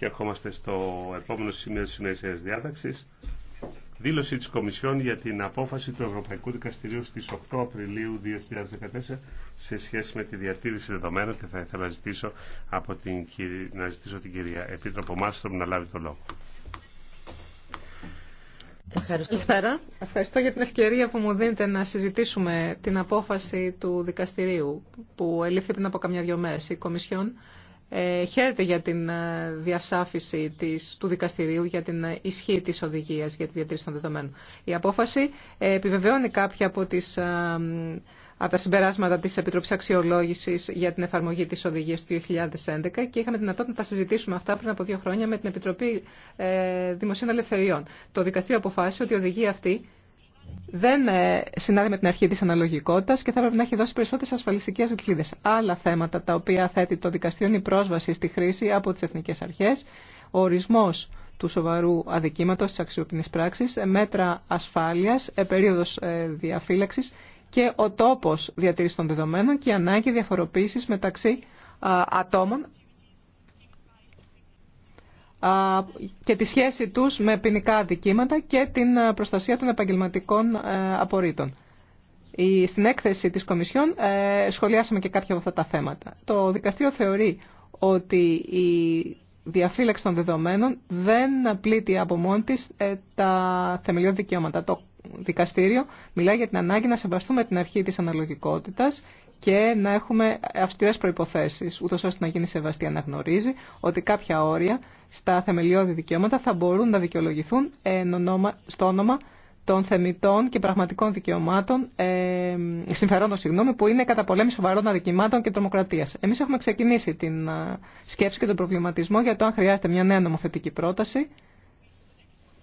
Και ερχόμαστε στο επόμενο σημείο της ημερησίας διάταξης. Δήλωση της Κομισιόν για την απόφαση του Ευρωπαϊκού Δικαστηρίου στις 8 Απριλίου 2014 σε σχέση με τη διατήρηση δεδομένων και θα ήθελα να ζητήσω, από την, να την κυρία Επίτροπο Μάστρομ να λάβει το λόγο. Ευχαριστώ. Καλησπέρα. Ευχαριστώ για την ευκαιρία που μου δίνετε να συζητήσουμε την απόφαση του δικαστηρίου που ελήφθη πριν από καμιά δυο μέρες η Κομισιόν ε, χαίρεται για την ε, διασάφηση της, του δικαστηρίου για την ε, ισχύ της οδηγίας για τη διατήρηση των δεδομένων. Η απόφαση ε, επιβεβαιώνει κάποια από, τις, από τα συμπεράσματα της Επιτροπής Αξιολόγησης για την εφαρμογή της οδηγίας του 2011 και είχαμε δυνατότητα να τα συζητήσουμε αυτά πριν από δύο χρόνια με την Επιτροπή Δημοσίων Ελευθεριών. Το δικαστήριο αποφάσισε ότι η οδηγία αυτή δεν ε, συνάδει με την αρχή της αναλογικότητας και θα πρέπει να έχει δώσει περισσότερες ασφαλιστικές δικλείδες. Άλλα θέματα τα οποία θέτει το δικαστήριο είναι η πρόσβαση στη χρήση από τις εθνικές αρχές, ο ορισμός του σοβαρού αδικήματος της αξιοπινής πράξης, ε, μέτρα ασφάλειας, ε, περίοδος διαφύλαξης και ο τόπος διατήρησης των δεδομένων και η ανάγκη διαφοροποίησης μεταξύ ατόμων και τη σχέση τους με ποινικά αδικήματα και την ε, προστασία των επαγγελματικών ε, απορρίτων. Στην έκθεση της Κομισιόν ε, σχολιάσαμε και κάποια από αυτά τα θέματα. Το δικαστήριο θεωρεί ότι η διαφύλαξη των δεδομένων δεν πλήττει από μόνη της τα θεμελιώδη δικαιώματα. Το δικαστήριο μιλάει για την ανάγκη να σεβαστούμε την αρχή της αναλογικότητας και να έχουμε αυστηρές προϋποθέσεις, ούτως ώστε να γίνει σεβαστή αναγνωρίζει ότι κάποια όρια στα θεμελιώδη δικαιώματα θα μπορούν να δικαιολογηθούν στο όνομα των θεμητών και πραγματικών δικαιωμάτων, ε, συμφερόντων συγγνώμη, που είναι κατά πολέμη σοβαρών αδικημάτων και τρομοκρατία. Εμεί έχουμε ξεκινήσει την ε, σκέψη και τον προβληματισμό για το αν χρειάζεται μια νέα νομοθετική πρόταση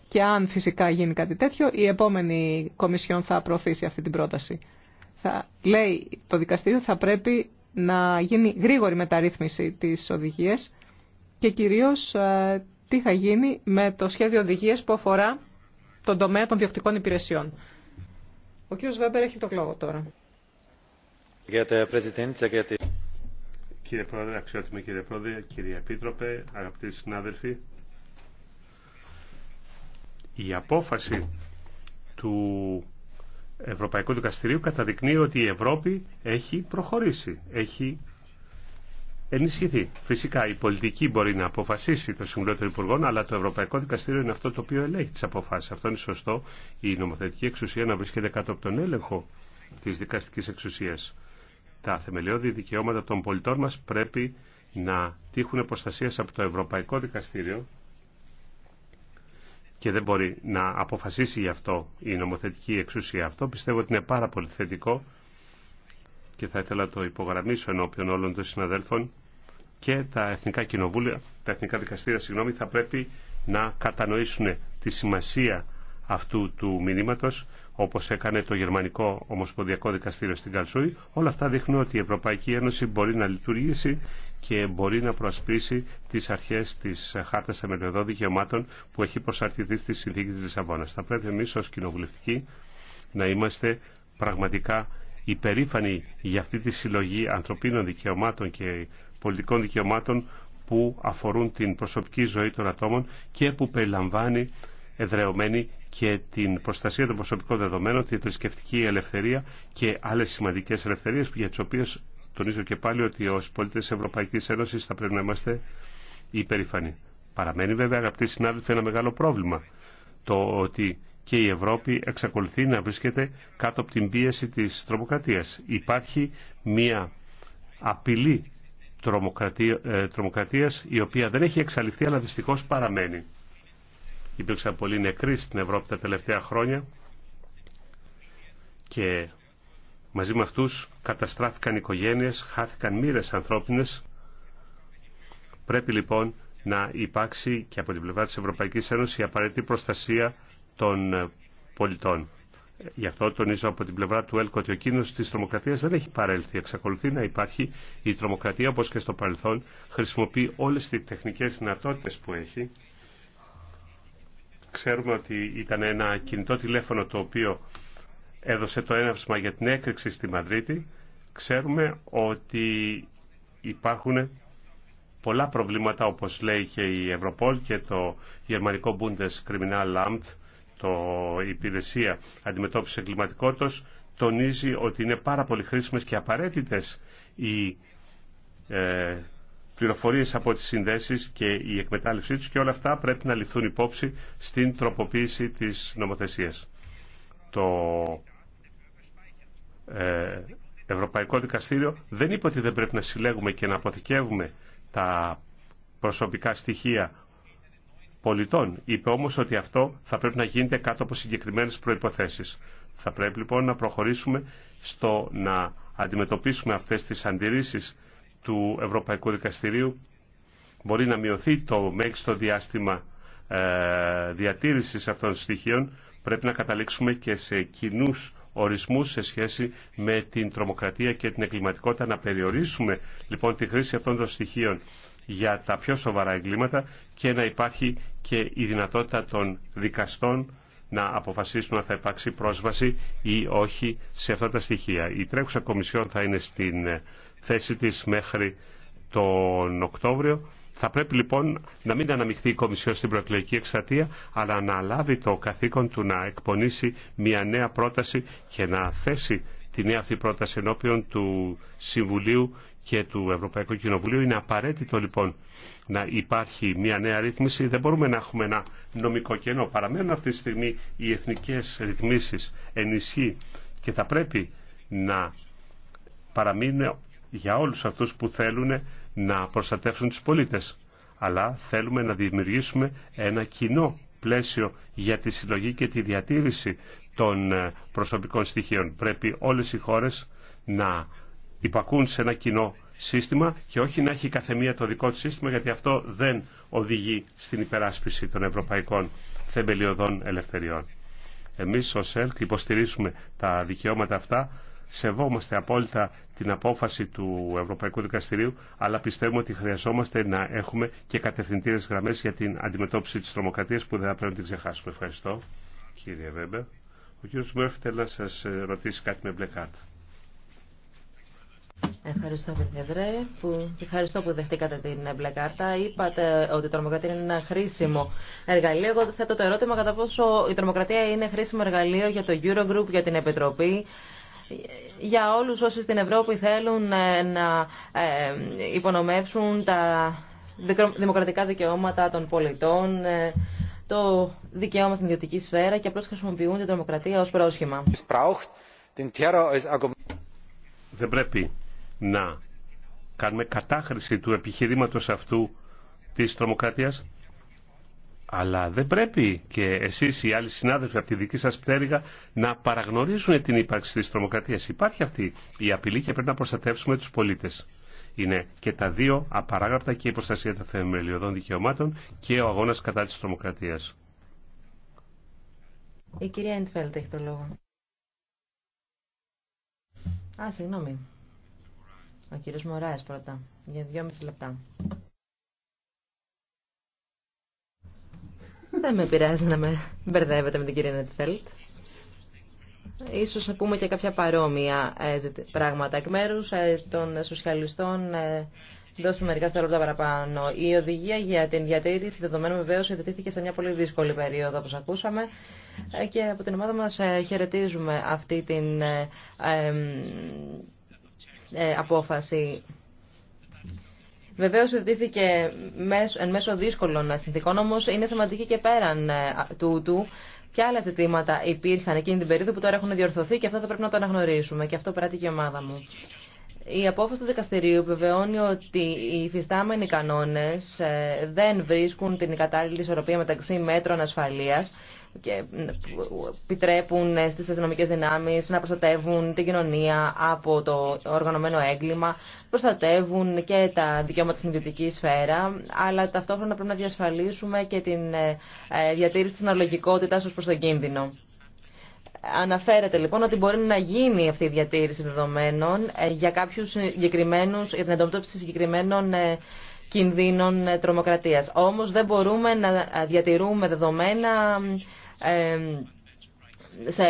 και αν φυσικά γίνει κάτι τέτοιο, η επόμενη Κομισιόν θα προωθήσει αυτή την πρόταση. Θα, λέει το δικαστήριο θα πρέπει να γίνει γρήγορη μεταρρύθμιση της οδηγίας και κυρίως ε, τι θα γίνει με το σχέδιο οδηγίες που αφορά τον τομέα των διοκτικών υπηρεσιών. Ο κύριος Βέμπερ έχει το λόγο τώρα. Κύριε Πρόεδρε, αξιότιμη κύριε Πρόεδρε, κύριε Επίτροπε, αγαπητοί συνάδελφοι, η απόφαση του Ευρωπαϊκού Δικαστηρίου καταδεικνύει ότι η Ευρώπη έχει προχωρήσει, έχει ενισχυθεί. Φυσικά η πολιτική μπορεί να αποφασίσει το Συμβουλίο των Υπουργών, αλλά το Ευρωπαϊκό Δικαστήριο είναι αυτό το οποίο ελέγχει τι αποφάσει. Αυτό είναι σωστό. Η νομοθετική εξουσία να βρίσκεται κάτω από τον έλεγχο τη δικαστική εξουσία. Τα θεμελιώδη δικαιώματα των πολιτών μα πρέπει να τύχουν προστασία από το Ευρωπαϊκό Δικαστήριο και δεν μπορεί να αποφασίσει γι' αυτό η νομοθετική εξουσία. Αυτό πιστεύω ότι είναι πάρα πολύ θετικό και θα ήθελα το υπογραμμίσω ενώπιον όλων των συναδέλφων και τα εθνικά κοινοβούλια, τα εθνικά δικαστήρια, συγγνώμη, θα πρέπει να κατανοήσουν τη σημασία αυτού του μηνύματο, όπω έκανε το Γερμανικό Ομοσπονδιακό Δικαστήριο στην Καλσούη. Όλα αυτά δείχνουν ότι η Ευρωπαϊκή Ένωση μπορεί να λειτουργήσει και μπορεί να προασπίσει τι αρχέ τη χάρτα Θεμελιωδών Δικαιωμάτων που έχει προσαρτηθεί στη Συνθήκη τη Λισαβόνα. Θα πρέπει εμεί ω κοινοβουλευτικοί να είμαστε πραγματικά υπερήφανοι για αυτή τη συλλογή ανθρωπίνων δικαιωμάτων και πολιτικών δικαιωμάτων που αφορούν την προσωπική ζωή των ατόμων και που περιλαμβάνει εδρεωμένη και την προστασία των προσωπικών δεδομένων, τη θρησκευτική ελευθερία και άλλε σημαντικέ ελευθερίε για τι οποίε τονίζω και πάλι ότι ω πολίτε τη Ευρωπαϊκή Ένωση θα πρέπει να είμαστε υπερήφανοι. Παραμένει βέβαια, αγαπητοί συνάδελφοι, ένα μεγάλο πρόβλημα το ότι και η Ευρώπη εξακολουθεί να βρίσκεται κάτω από την πίεση της τρομοκρατίας. Υπάρχει μια απειλή τρομοκρατία, ε, τρομοκρατίας η οποία δεν έχει εξαλειφθεί αλλά δυστυχώς παραμένει. Υπήρξαν πολλοί νεκροί στην Ευρώπη τα τελευταία χρόνια και μαζί με αυτούς καταστράφηκαν οικογένειες, χάθηκαν μοίρες ανθρώπινες. Πρέπει λοιπόν να υπάρξει και από την πλευρά της Ευρωπαϊκής Ένωσης η απαραίτητη προστασία των ε, πολιτών. Γι' αυτό τονίζω από την πλευρά του ΕΛΚ ότι ο κίνδυνο τη τρομοκρατία δεν έχει παρέλθει. Εξακολουθεί να υπάρχει η τρομοκρατία όπω και στο παρελθόν. Χρησιμοποιεί όλε τι τεχνικέ δυνατότητε που έχει. Ξέρουμε ότι ήταν ένα κινητό τηλέφωνο το οποίο έδωσε το έναυσμα για την έκρηξη στη Μαδρίτη. Ξέρουμε ότι υπάρχουν πολλά προβλήματα όπως λέει και η Ευρωπόλ και το γερμανικό Bundeskriminalamt το, υπηρεσία αντιμετώπισης εγκληματικότητας τονίζει ότι είναι πάρα πολύ χρήσιμες και απαραίτητες οι ε, πληροφορίες από τις συνδέσεις και η εκμετάλλευσή τους και όλα αυτά πρέπει να ληφθούν υπόψη στην τροποποίηση της νομοθεσίας. Το ε, Ευρωπαϊκό Δικαστήριο δεν είπε ότι δεν πρέπει να συλλέγουμε και να αποθηκεύουμε τα προσωπικά στοιχεία πολιτών. Είπε όμως ότι αυτό θα πρέπει να γίνεται κάτω από συγκεκριμένες προϋποθέσεις. Θα πρέπει λοιπόν να προχωρήσουμε στο να αντιμετωπίσουμε αυτές τις αντιρρήσεις του Ευρωπαϊκού Δικαστηρίου. Μπορεί να μειωθεί το μέγιστο διάστημα ε, διατήρησης αυτών των στοιχείων. Πρέπει να καταλήξουμε και σε κοινού ορισμούς σε σχέση με την τρομοκρατία και την εγκληματικότητα. Να περιορίσουμε λοιπόν τη χρήση αυτών των στοιχείων για τα πιο σοβαρά εγκλήματα και να υπάρχει και η δυνατότητα των δικαστών να αποφασίσουν αν θα υπάρξει πρόσβαση ή όχι σε αυτά τα στοιχεία. Η τρέχουσα Κομισιόν θα είναι στην ε, θέση της μέχρι τον Οκτώβριο. Θα πρέπει λοιπόν να μην αναμειχθεί η Κομισιόν στην προεκλογική εκστατεία, αλλά να λάβει το καθήκον του να εκπονήσει μια νέα πρόταση και να θέσει τη νέα αυτή πρόταση ενώπιον του Συμβουλίου και του Ευρωπαϊκού Κοινοβουλίου. Είναι απαραίτητο λοιπόν να υπάρχει μια νέα ρύθμιση. Δεν μπορούμε να έχουμε ένα νομικό κενό. Παραμένουν αυτή τη στιγμή οι εθνικές ρυθμίσεις ενισχύ και θα πρέπει να παραμείνουν για όλους αυτούς που θέλουν να προστατεύσουν τους πολίτες. Αλλά θέλουμε να δημιουργήσουμε ένα κοινό πλαίσιο για τη συλλογή και τη διατήρηση των ε, προσωπικών στοιχείων. Πρέπει όλες οι χώρες να υπακούν σε ένα κοινό σύστημα και όχι να έχει καθεμία το δικό του σύστημα γιατί αυτό δεν οδηγεί στην υπεράσπιση των ευρωπαϊκών θεμελιωδών ελευθεριών. Εμείς ως ΕΛΚ υποστηρίζουμε τα δικαιώματα αυτά, σεβόμαστε απόλυτα την απόφαση του Ευρωπαϊκού Δικαστηρίου, αλλά πιστεύουμε ότι χρειαζόμαστε να έχουμε και κατευθυντήρες γραμμές για την αντιμετώπιση της τρομοκρατίας που δεν θα πρέπει να την ξεχάσουμε. Ευχαριστώ, κύριε Βέμπερ. Ο κύριο Μέρφη θέλει να σα ρωτήσει κάτι με μπλε κάρτα. Ευχαριστώ, Πρόεδρε, που... ευχαριστώ που δεχτήκατε την μπλε κάρτα. Είπατε ότι η τρομοκρατία είναι ένα χρήσιμο εργαλείο. Εγώ θέτω το ερώτημα κατά πόσο η τρομοκρατία είναι χρήσιμο εργαλείο για το Eurogroup, για την Επιτροπή, για όλους όσοι στην Ευρώπη θέλουν ε, να ε, υπονομεύσουν τα δημοκρατικά δικαιώματα των πολιτών, ε, το δικαίωμα στην ιδιωτική σφαίρα και απλώς χρησιμοποιούν την τρομοκρατία ως πρόσχημα. Δεν πρέπει να κάνουμε κατάχρηση του επιχειρήματος αυτού της τρομοκρατίας. Αλλά δεν πρέπει και εσείς οι άλλοι συνάδελφοι από τη δική σας πτέρυγα να παραγνωρίζουν την ύπαρξη της τρομοκρατίας. Υπάρχει αυτή η απειλή και πρέπει να προστατεύσουμε τους πολίτες. Είναι και τα δύο απαράγραπτα και η προστασία των θεμελιωδών δικαιωμάτων και ο αγώνας κατά της τρομοκρατίας. Η κυρία Εντφέλτ έχει το λόγο. Α, συγγνώμη. Ο κύριος Μωράης πρώτα, για δυόμιση λεπτά. Δεν με πειράζει να με μπερδεύετε με την κυρία Νετφέλτ. Ίσως να πούμε και κάποια παρόμοια ε, πράγματα εκ μέρου ε, των σοσιαλιστών. Ε, δώστε μερικά δευτερόλεπτα παραπάνω. Η οδηγία για την διατήρηση δεδομένων βεβαίω ιδρύθηκε σε μια πολύ δύσκολη περίοδο, όπω ακούσαμε. Και από την ομάδα μα χαιρετίζουμε αυτή την ε, απόφαση. Βεβαίω ειδήθηκε εν μέσω δύσκολων συνθήκων, όμω είναι σημαντική και πέραν τούτου. Ε, Ποια άλλα ζητήματα υπήρχαν εκείνη την περίοδο που τώρα έχουν διορθωθεί και αυτό θα πρέπει να το αναγνωρίσουμε. Και αυτό περάτηκε και η ομάδα μου. Η απόφαση του δικαστηρίου επιβεβαιώνει ότι οι φυστάμενοι κανόνες ε, δεν βρίσκουν την κατάλληλη ισορροπία μεταξύ μέτρων ασφαλείας και επιτρέπουν στι αστυνομικέ δυνάμει, να προστατεύουν την κοινωνία από το οργανωμένο έγκλημα, προστατεύουν και τα δικαιώματα στην ιδιωτική σφαίρα, αλλά ταυτόχρονα πρέπει να διασφαλίσουμε και την ε, ε, διατήρηση τη αναλογικότητα ω προ τον κίνδυνο. Αναφέρεται λοιπόν ότι μπορεί να γίνει αυτή η διατήρηση δεδομένων ε, για, κάποιου συγκεκριμένου, για την εντόπιση συγκεκριμένων κινδύνων τρομοκρατίας. Όμως δεν μπορούμε να διατηρούμε δεδομένα σε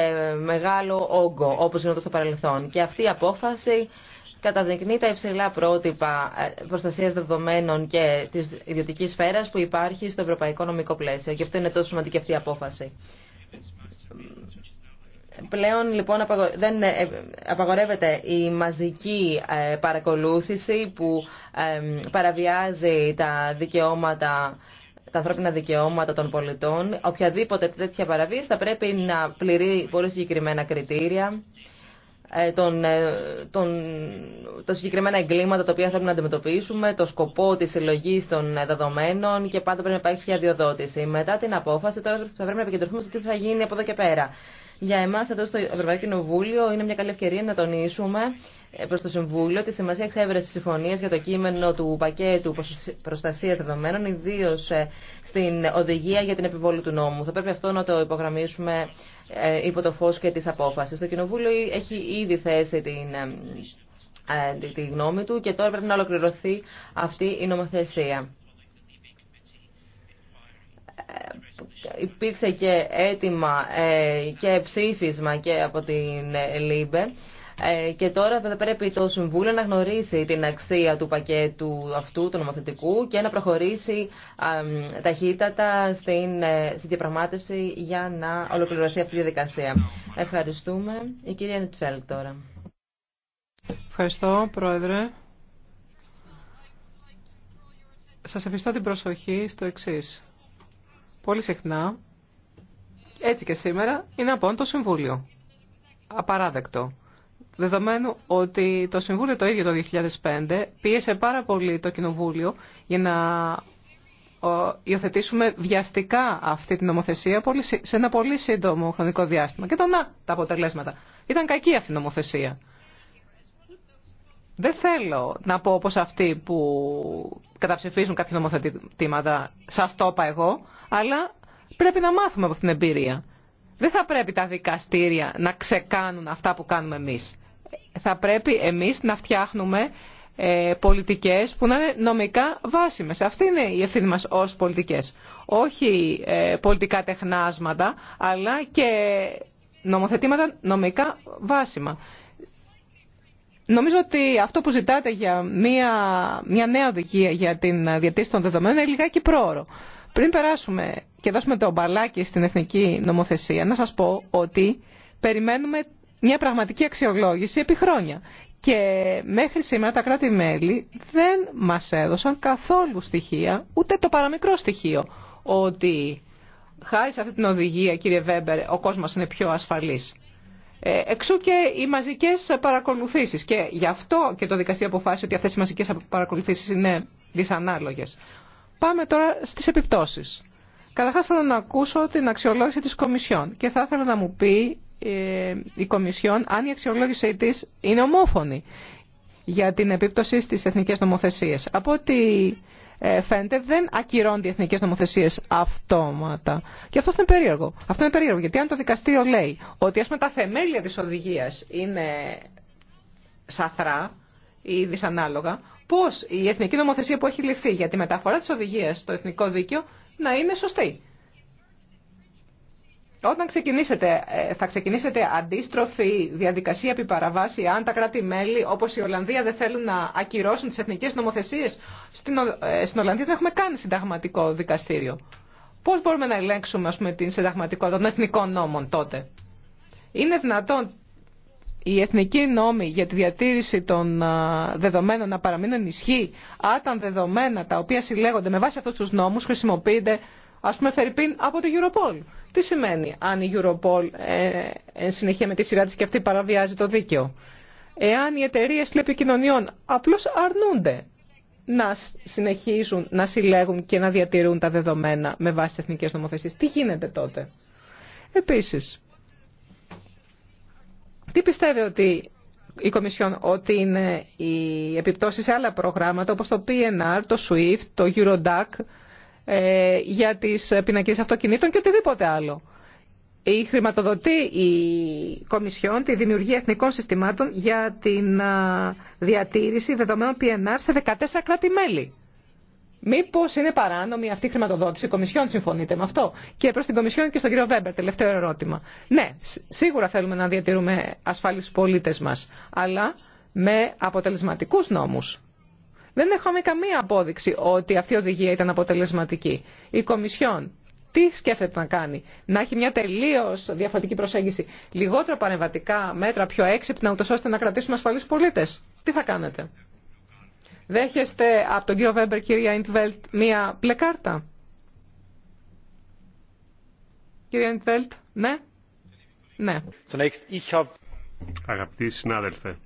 μεγάλο όγκο, όπως γινόταν στο παρελθόν. Και αυτή η απόφαση καταδεικνύει τα υψηλά πρότυπα ε, προστασίας δεδομένων και της ιδιωτικής σφαίρας που υπάρχει στο ευρωπαϊκό νομικό πλαίσιο. Και αυτό είναι τόσο σημαντική αυτή η απόφαση. Πλέον λοιπόν δεν ε, απαγορεύεται η μαζική ε, παρακολούθηση που παραβιάζει τα δικαιώματα τα ανθρώπινα δικαιώματα των πολιτών. Οποιαδήποτε τέτοια παραβίαση θα πρέπει να πληρεί πολύ συγκεκριμένα κριτήρια ε, τον, ε, τον, τα συγκεκριμένα εγκλήματα τα οποία θέλουμε να αντιμετωπίσουμε, το σκοπό της συλλογή των δεδομένων και πάντα πρέπει να υπάρχει αδειοδότηση. Μετά την απόφαση τώρα θα πρέπει να επικεντρωθούμε στο τι θα γίνει από εδώ και πέρα. Για εμά εδώ στο Ευρωπαϊκό Κοινοβούλιο είναι μια καλή ευκαιρία να τονίσουμε ε, προ το Συμβούλιο τη σημασία εξέβρεση συμφωνία για το κείμενο του πακέτου προστασία δεδομένων, ιδίω ε, στην οδηγία για την επιβόλη του νόμου. Θα πρέπει αυτό να το υπογραμμίσουμε ε, υπό το φω και τη απόφαση. Το Κοινοβούλιο έχει ήδη θέσει την τη γνώμη του και τώρα πρέπει να ολοκληρωθεί αυτή η νομοθεσία. Ε, υπήρξε και έτοιμα ε, και ψήφισμα και από την ε, ΛΥΜΠΕ και τώρα θα πρέπει το Συμβούλιο να γνωρίσει την αξία του πακέτου αυτού, του νομοθετικού και να προχωρήσει ταχύτατα στην, στην διαπραγμάτευση για να ολοκληρωθεί αυτή η διαδικασία. Ευχαριστούμε. Η κυρία Νιτφέλ τώρα. Ευχαριστώ, Πρόεδρε. Σας ευχαριστώ την προσοχή στο εξής. Πολύ συχνά, έτσι και σήμερα, είναι από το Συμβούλιο. Απαράδεκτο. Δεδομένου ότι το Συμβούλιο το ίδιο το 2005 πίεσε πάρα πολύ το Κοινοβούλιο για να υιοθετήσουμε βιαστικά αυτή την νομοθεσία σε ένα πολύ σύντομο χρονικό διάστημα. Και το να, τα αποτελέσματα. Ήταν κακή αυτή η νομοθεσία. Δεν θέλω να πω όπως αυτοί που καταψηφίζουν κάποια νομοθετήματα, σας το είπα εγώ, αλλά πρέπει να μάθουμε από την εμπειρία. Δεν θα πρέπει τα δικαστήρια να ξεκάνουν αυτά που κάνουμε εμείς. Θα πρέπει εμείς να φτιάχνουμε ε, πολιτικές που να είναι νομικά βάσιμες. Αυτή είναι η ευθύνη μας ως πολιτικές. Όχι ε, πολιτικά τεχνάσματα, αλλά και νομοθετήματα νομικά βάσιμα. Νομίζω ότι αυτό που ζητάτε για μια, μια νέα οδηγία για την διατήρηση των δεδομένων είναι λιγάκι πρόωρο. Πριν περάσουμε και δώσουμε το μπαλάκι στην εθνική νομοθεσία, να σας πω ότι περιμένουμε μια πραγματική αξιολόγηση επί χρόνια. Και μέχρι σήμερα τα κράτη-μέλη δεν μας έδωσαν καθόλου στοιχεία, ούτε το παραμικρό στοιχείο, ότι χάρη σε αυτή την οδηγία, κύριε Βέμπερ, ο κόσμος είναι πιο ασφαλής. Ε, εξού και οι μαζικές παρακολουθήσεις. Και γι' αυτό και το δικαστήριο αποφάσισε ότι αυτές οι μαζικές παρακολουθήσεις είναι δυσανάλογες. Πάμε τώρα στις επιπτώσεις. Καταρχά, θέλω να ακούσω την αξιολόγηση της Κομισιόν και θα ήθελα να μου πει ε, η Κομισιόν αν η αξιολόγησή τη είναι ομόφωνη για την επίπτωση στι εθνικέ νομοθεσίες. Από ό,τι ε, φαίνεται δεν ακυρώνται οι εθνικές νομοθεσίες αυτόματα. Και αυτό είναι περίεργο. Αυτό είναι περίεργο γιατί αν το δικαστήριο λέει ότι ας πούμε τα θεμέλια της οδηγίας είναι σαθρά ή δυσανάλογα, πώς η εθνική νομοθεσία που έχει ληφθεί για τη μεταφορά τη οδηγία στο εθνικό δίκαιο να είναι σωστή. Όταν ξεκινήσετε, ε, θα ξεκινήσετε αντίστροφη διαδικασία επιπαραβάση αν τα κράτη-μέλη όπως η Ολλανδία δεν θέλουν να ακυρώσουν τις εθνικές νομοθεσίες, στην, ε, Ολλανδία δεν έχουμε καν συνταγματικό δικαστήριο. Πώς μπορούμε να ελέγξουμε την συνταγματικότητα των εθνικών νόμων τότε. Είναι δυνατόν οι εθνικοί νόμοι για τη διατήρηση των ε, δεδομένων να παραμείνουν ισχύ, άταν δεδομένα τα οποία συλλέγονται με βάση αυτού του νόμου χρησιμοποιείται α πούμε φερρυπίν από το Europol. Τι σημαίνει αν η Europol ε, συνεχεία με τη σειρά τη και αυτή παραβιάζει το δίκαιο. Εάν οι εταιρείε τηλεπικοινωνιών απλώ αρνούνται να συνεχίζουν να συλλέγουν και να διατηρούν τα δεδομένα με βάση τι εθνικές νομοθεσίες. Τι γίνεται τότε. Επίση, τι πιστεύει ότι η Κομισιόν ότι είναι οι επιπτώσεις σε άλλα προγράμματα όπως το PNR, το SWIFT, το Eurodac ε, για τις πινακίδες αυτοκινήτων και οτιδήποτε άλλο. Η χρηματοδοτεί η Κομισιόν τη δημιουργία εθνικών συστημάτων για την ε, διατήρηση δεδομένων PNR σε 14 κράτη-μέλη. Μήπω είναι παράνομη αυτή η χρηματοδότηση, η Κομισιόν συμφωνείτε με αυτό. Και προ την Κομισιόν και στον κύριο Βέμπερ, τελευταίο ερώτημα. Ναι, σίγουρα θέλουμε να διατηρούμε ασφάλει του πολίτε μα, αλλά με αποτελεσματικού νόμου. Δεν έχουμε καμία απόδειξη ότι αυτή η οδηγία ήταν αποτελεσματική. Η Κομισιόν τι σκέφτεται να κάνει, να έχει μια τελείω διαφορετική προσέγγιση, λιγότερο παρεμβατικά μέτρα, πιο έξυπνα, ούτω ώστε να κρατήσουμε ασφαλεί πολίτε. Τι θα κάνετε. Δέχεστε από τον κύριο Βέμπερ, κυρία Ιντβέλτ, μία πλεκαρτα Κυρία Ιντβέλτ, ναι. Ναι. Αγαπητοί συνάδελφε,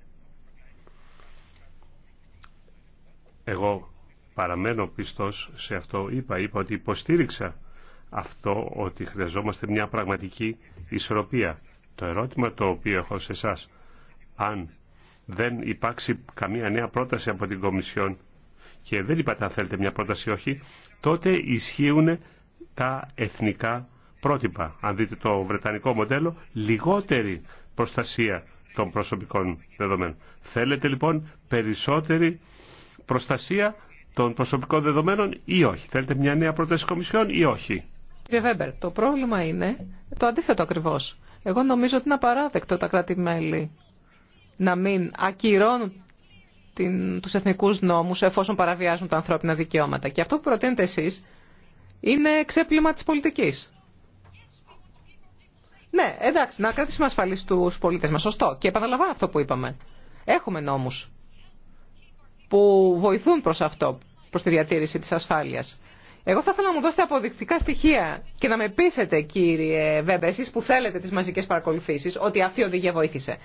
εγώ παραμένω πιστός σε αυτό είπα. Είπα ότι υποστήριξα αυτό ότι χρειαζόμαστε μια πραγματική ισορροπία. Το ερώτημα το οποίο έχω σε εσά, αν δεν υπάρξει καμία νέα πρόταση από την Κομισιόν και δεν είπατε αν θέλετε μια πρόταση όχι, τότε ισχύουν τα εθνικά πρότυπα. Αν δείτε το βρετανικό μοντέλο, λιγότερη προστασία των προσωπικών δεδομένων. Θέλετε λοιπόν περισσότερη προστασία των προσωπικών δεδομένων ή όχι. Θέλετε μια νέα πρόταση Κομισιόν ή όχι. Κύριε Βέμπερ, το πρόβλημα είναι το αντίθετο ακριβώς. Εγώ νομίζω ότι είναι απαράδεκτο τα κράτη-μέλη να μην ακυρώνουν την, τους εθνικούς νόμους εφόσον παραβιάζουν τα ανθρώπινα δικαιώματα. Και αυτό που προτείνετε εσείς είναι ξέπλυμα της πολιτικής. Ναι, εντάξει, να κρατήσουμε ασφαλή τους πολίτες μας, σωστό. Και επαναλαμβάνω αυτό που είπαμε. Έχουμε νόμους που βοηθούν προς αυτό, προς τη διατήρηση της ασφάλειας. Εγώ θα ήθελα να μου δώσετε αποδεικτικά στοιχεία και να με πείσετε, κύριε Βέμπε, εσείς που θέλετε τι μαζικέ παρακολουθήσει, ότι αυτή η οδηγία βοήθησε.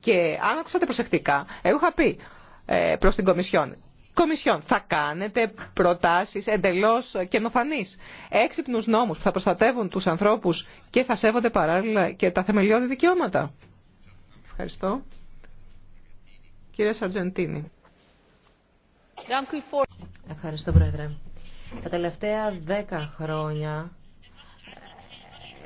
Και αν ακούσατε προσεκτικά, εγώ είχα πει ε, προς την Κομισιόν, Κομισιόν, θα κάνετε προτάσεις εντελώς καινοφανείς, έξυπνους νόμους που θα προστατεύουν τους ανθρώπους και θα σέβονται παράλληλα και τα θεμελιώδη δικαιώματα. Ευχαριστώ. Κυρία Σαρτζεντίνη. Ευχαριστώ, Πρόεδρε. Τα τελευταία δέκα χρόνια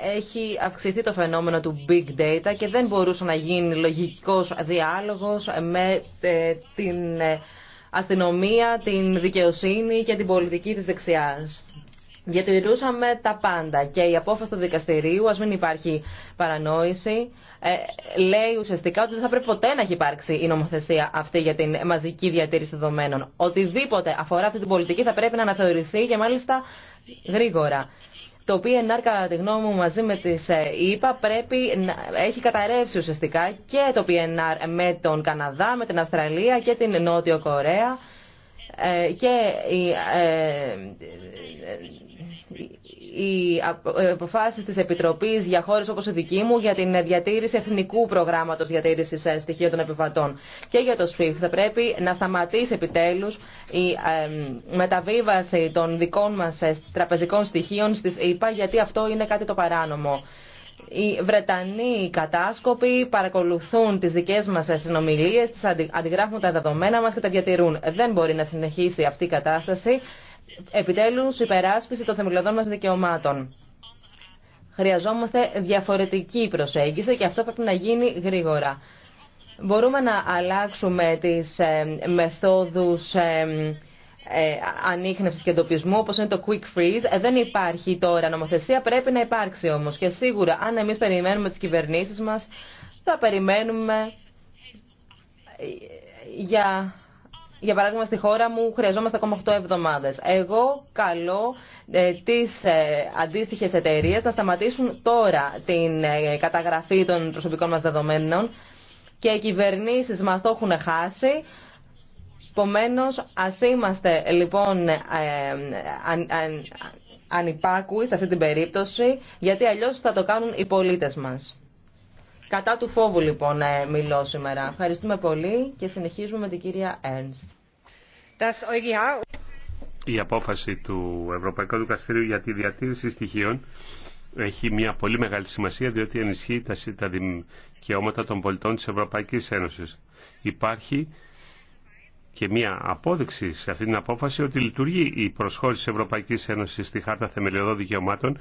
έχει αυξηθεί το φαινόμενο του big data και δεν μπορούσε να γίνει λογικός διάλογος με ε, την ε, αστυνομία, την δικαιοσύνη και την πολιτική της δεξιάς. Διατηρούσαμε τα πάντα και η απόφαση του δικαστηρίου, ας μην υπάρχει παρανόηση, ε, λέει ουσιαστικά ότι δεν θα πρέπει ποτέ να έχει υπάρξει η νομοθεσία αυτή για την μαζική διατήρηση δεδομένων. Οτιδήποτε αφορά αυτή την πολιτική θα πρέπει να αναθεωρηθεί και μάλιστα γρήγορα το PNR κατά τη γνώμη μου μαζί με τις ΗΠΑ ε, πρέπει να έχει καταρρεύσει ουσιαστικά και το PNR με τον Καναδά, με την Αυστραλία και την Νότιο Κορέα ε, και οι, ε, οι ε, αποφάσει τη Επιτροπή για χώρε όπω η δική μου για την διατήρηση εθνικού προγράμματο διατήρηση στοιχείων των επιβατών και για το SWIFT. Θα πρέπει να σταματήσει επιτέλου η μεταβίβαση των δικών μα τραπεζικών στοιχείων στι ΗΠΑ, γιατί αυτό είναι κάτι το παράνομο. Οι Βρετανοί κατάσκοποι παρακολουθούν τις δικές μας συνομιλίες, τις αντιγράφουν τα δεδομένα μας και τα διατηρούν. Δεν μπορεί να συνεχίσει αυτή η κατάσταση. Επιτέλους, υπεράσπιση των θεμελιωδών μας δικαιωμάτων. Χρειαζόμαστε διαφορετική προσέγγιση και αυτό πρέπει να γίνει γρήγορα. Μπορούμε να αλλάξουμε τις ε, μεθόδους ε, ε, ανείχνευση και εντοπισμού, όπω είναι το quick freeze. Ε, δεν υπάρχει τώρα νομοθεσία, πρέπει να υπάρξει όμω. Και σίγουρα, αν εμεί περιμένουμε τι κυβερνήσει μα, θα περιμένουμε. Ε, για, για παράδειγμα, στη χώρα μου χρειαζόμαστε ακόμα 8 εβδομάδε. Εγώ καλώ ε, τι ε, αντίστοιχε εταιρείε να σταματήσουν τώρα την καταγραφή των προσωπικών μα δεδομένων και οι κυβερνήσει μα το έχουν χάσει. Επομένω, α είμαστε λοιπόν ε, ανυπάκουοι σε αυτή την περίπτωση, γιατί αλλιώ θα το κάνουν οι πολίτε μα. Κατά του φόβου λοιπόν μιλώ σήμερα. Ευχαριστούμε πολύ και συνεχίζουμε με την κυρία Έρνστ. Η απόφαση του Ευρωπαϊκού Δικαστηρίου για τη διατήρηση στοιχείων έχει μια πολύ μεγάλη σημασία διότι ενισχύει τα δικαιώματα των πολιτών της Ευρωπαϊκής Ένωσης. Υπάρχει και μια απόδειξη σε αυτή την απόφαση ότι λειτουργεί η προσχώρηση Ευρωπαϊκής Ένωσης στη Χάρτα Θεμελιωδών Δικαιωμάτων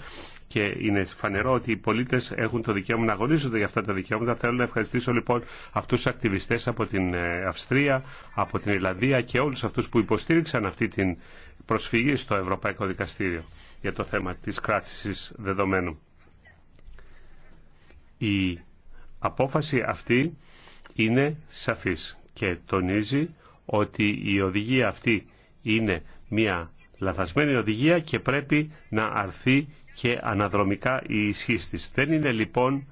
και είναι φανερό ότι οι πολίτες έχουν το δικαίωμα να αγωνίζονται για αυτά τα δικαιώματα. Θέλω να ευχαριστήσω λοιπόν αυτούς τους ακτιβιστές από την ε, Αυστρία, από την Ιλλανδία και όλους αυτούς που υποστήριξαν αυτή την προσφυγή στο Ευρωπαϊκό Δικαστήριο για το θέμα της κράτησης δεδομένου. Η απόφαση αυτή είναι σαφής και τονίζει ότι η οδηγία αυτή είναι μια λαθασμένη οδηγία και πρέπει να αρθεί και αναδρομικά η ισχύ τη. Δεν είναι λοιπόν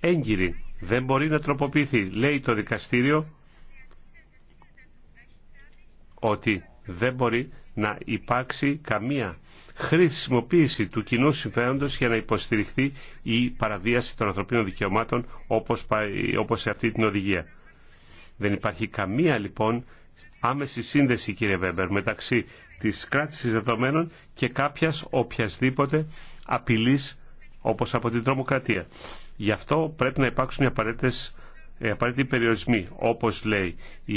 έγκυρη. Δεν μπορεί να τροποποιηθεί. Λέει το δικαστήριο ότι δεν μπορεί να υπάρξει καμία χρησιμοποίηση του κοινού συμφέροντος για να υποστηριχθεί η παραβίαση των ανθρωπίνων δικαιωμάτων όπως, όπως σε αυτή την οδηγία. Δεν υπάρχει καμία λοιπόν άμεση σύνδεση κύριε Βέμπερ μεταξύ της κράτησης δεδομένων και κάποιας οποιασδήποτε απειλής όπως από την τρομοκρατία. Γι' αυτό πρέπει να υπάρξουν οι απαραίτητες απαραίτητοι περιορισμοί, όπως λέει η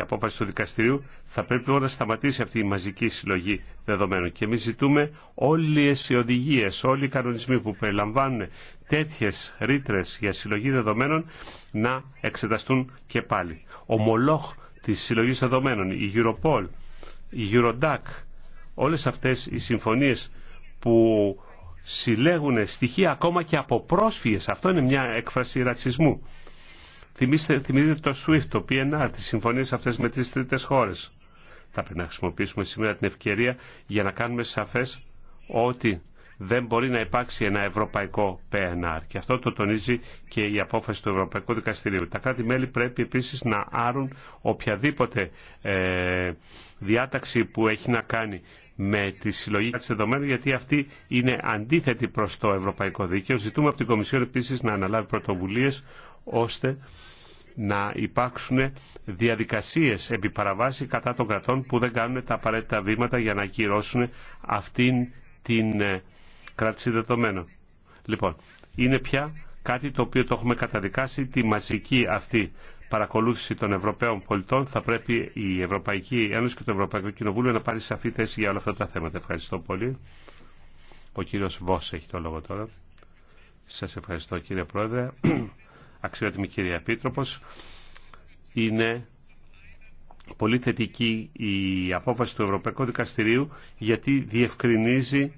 απόφαση του δικαστηρίου, θα πρέπει να σταματήσει αυτή η μαζική συλλογή δεδομένων. Και εμεί ζητούμε όλες οι οδηγίες, όλοι οι κανονισμοί που περιλαμβάνουν τέτοιες ρήτρε για συλλογή δεδομένων να εξεταστούν και πάλι. Ο της συλλογής δεδομένων, η Europol, η Eurodac, όλες αυτές οι συμφωνίες που συλλέγουν στοιχεία ακόμα και από πρόσφυγες. Αυτό είναι μια έκφραση ρατσισμού. Θυμίστε, το SWIFT, το PNR, τις συμφωνίες αυτές με τις τρίτες χώρες. Θα πρέπει να χρησιμοποιήσουμε σήμερα την ευκαιρία για να κάνουμε σαφές ότι δεν μπορεί να υπάρξει ένα ευρωπαϊκό PNR. Και αυτό το τονίζει και η απόφαση του Ευρωπαϊκού Δικαστηρίου. Τα κράτη-μέλη πρέπει επίσης να άρουν οποιαδήποτε ε, διάταξη που έχει να κάνει με τη συλλογή τη δεδομένων, γιατί αυτή είναι αντίθετη προς το ευρωπαϊκό δίκαιο. Ζητούμε από την Κομισιόν επίσης να αναλάβει πρωτοβουλίες ώστε να υπάρξουν διαδικασίες επί παραβάση κατά των κρατών που δεν κάνουν τα απαραίτητα βήματα για να ακυρώσουν αυτήν την ε, κράτηση δεδομένων. Λοιπόν, είναι πια κάτι το οποίο το έχουμε καταδικάσει, τη μαζική αυτή παρακολούθηση των Ευρωπαίων πολιτών. Θα πρέπει η Ευρωπαϊκή Ένωση και το Ευρωπαϊκό Κοινοβούλιο να πάρει σαφή θέση για όλα αυτά τα θέματα. Ευχαριστώ πολύ. Ο κύριος Βος έχει το λόγο τώρα. Σας ευχαριστώ κύριε Πρόεδρε. Αξιότιμη κυρία Επίτροπος. Είναι πολύ θετική η απόφαση του Ευρωπαϊκού Δικαστηρίου γιατί διευκρινίζει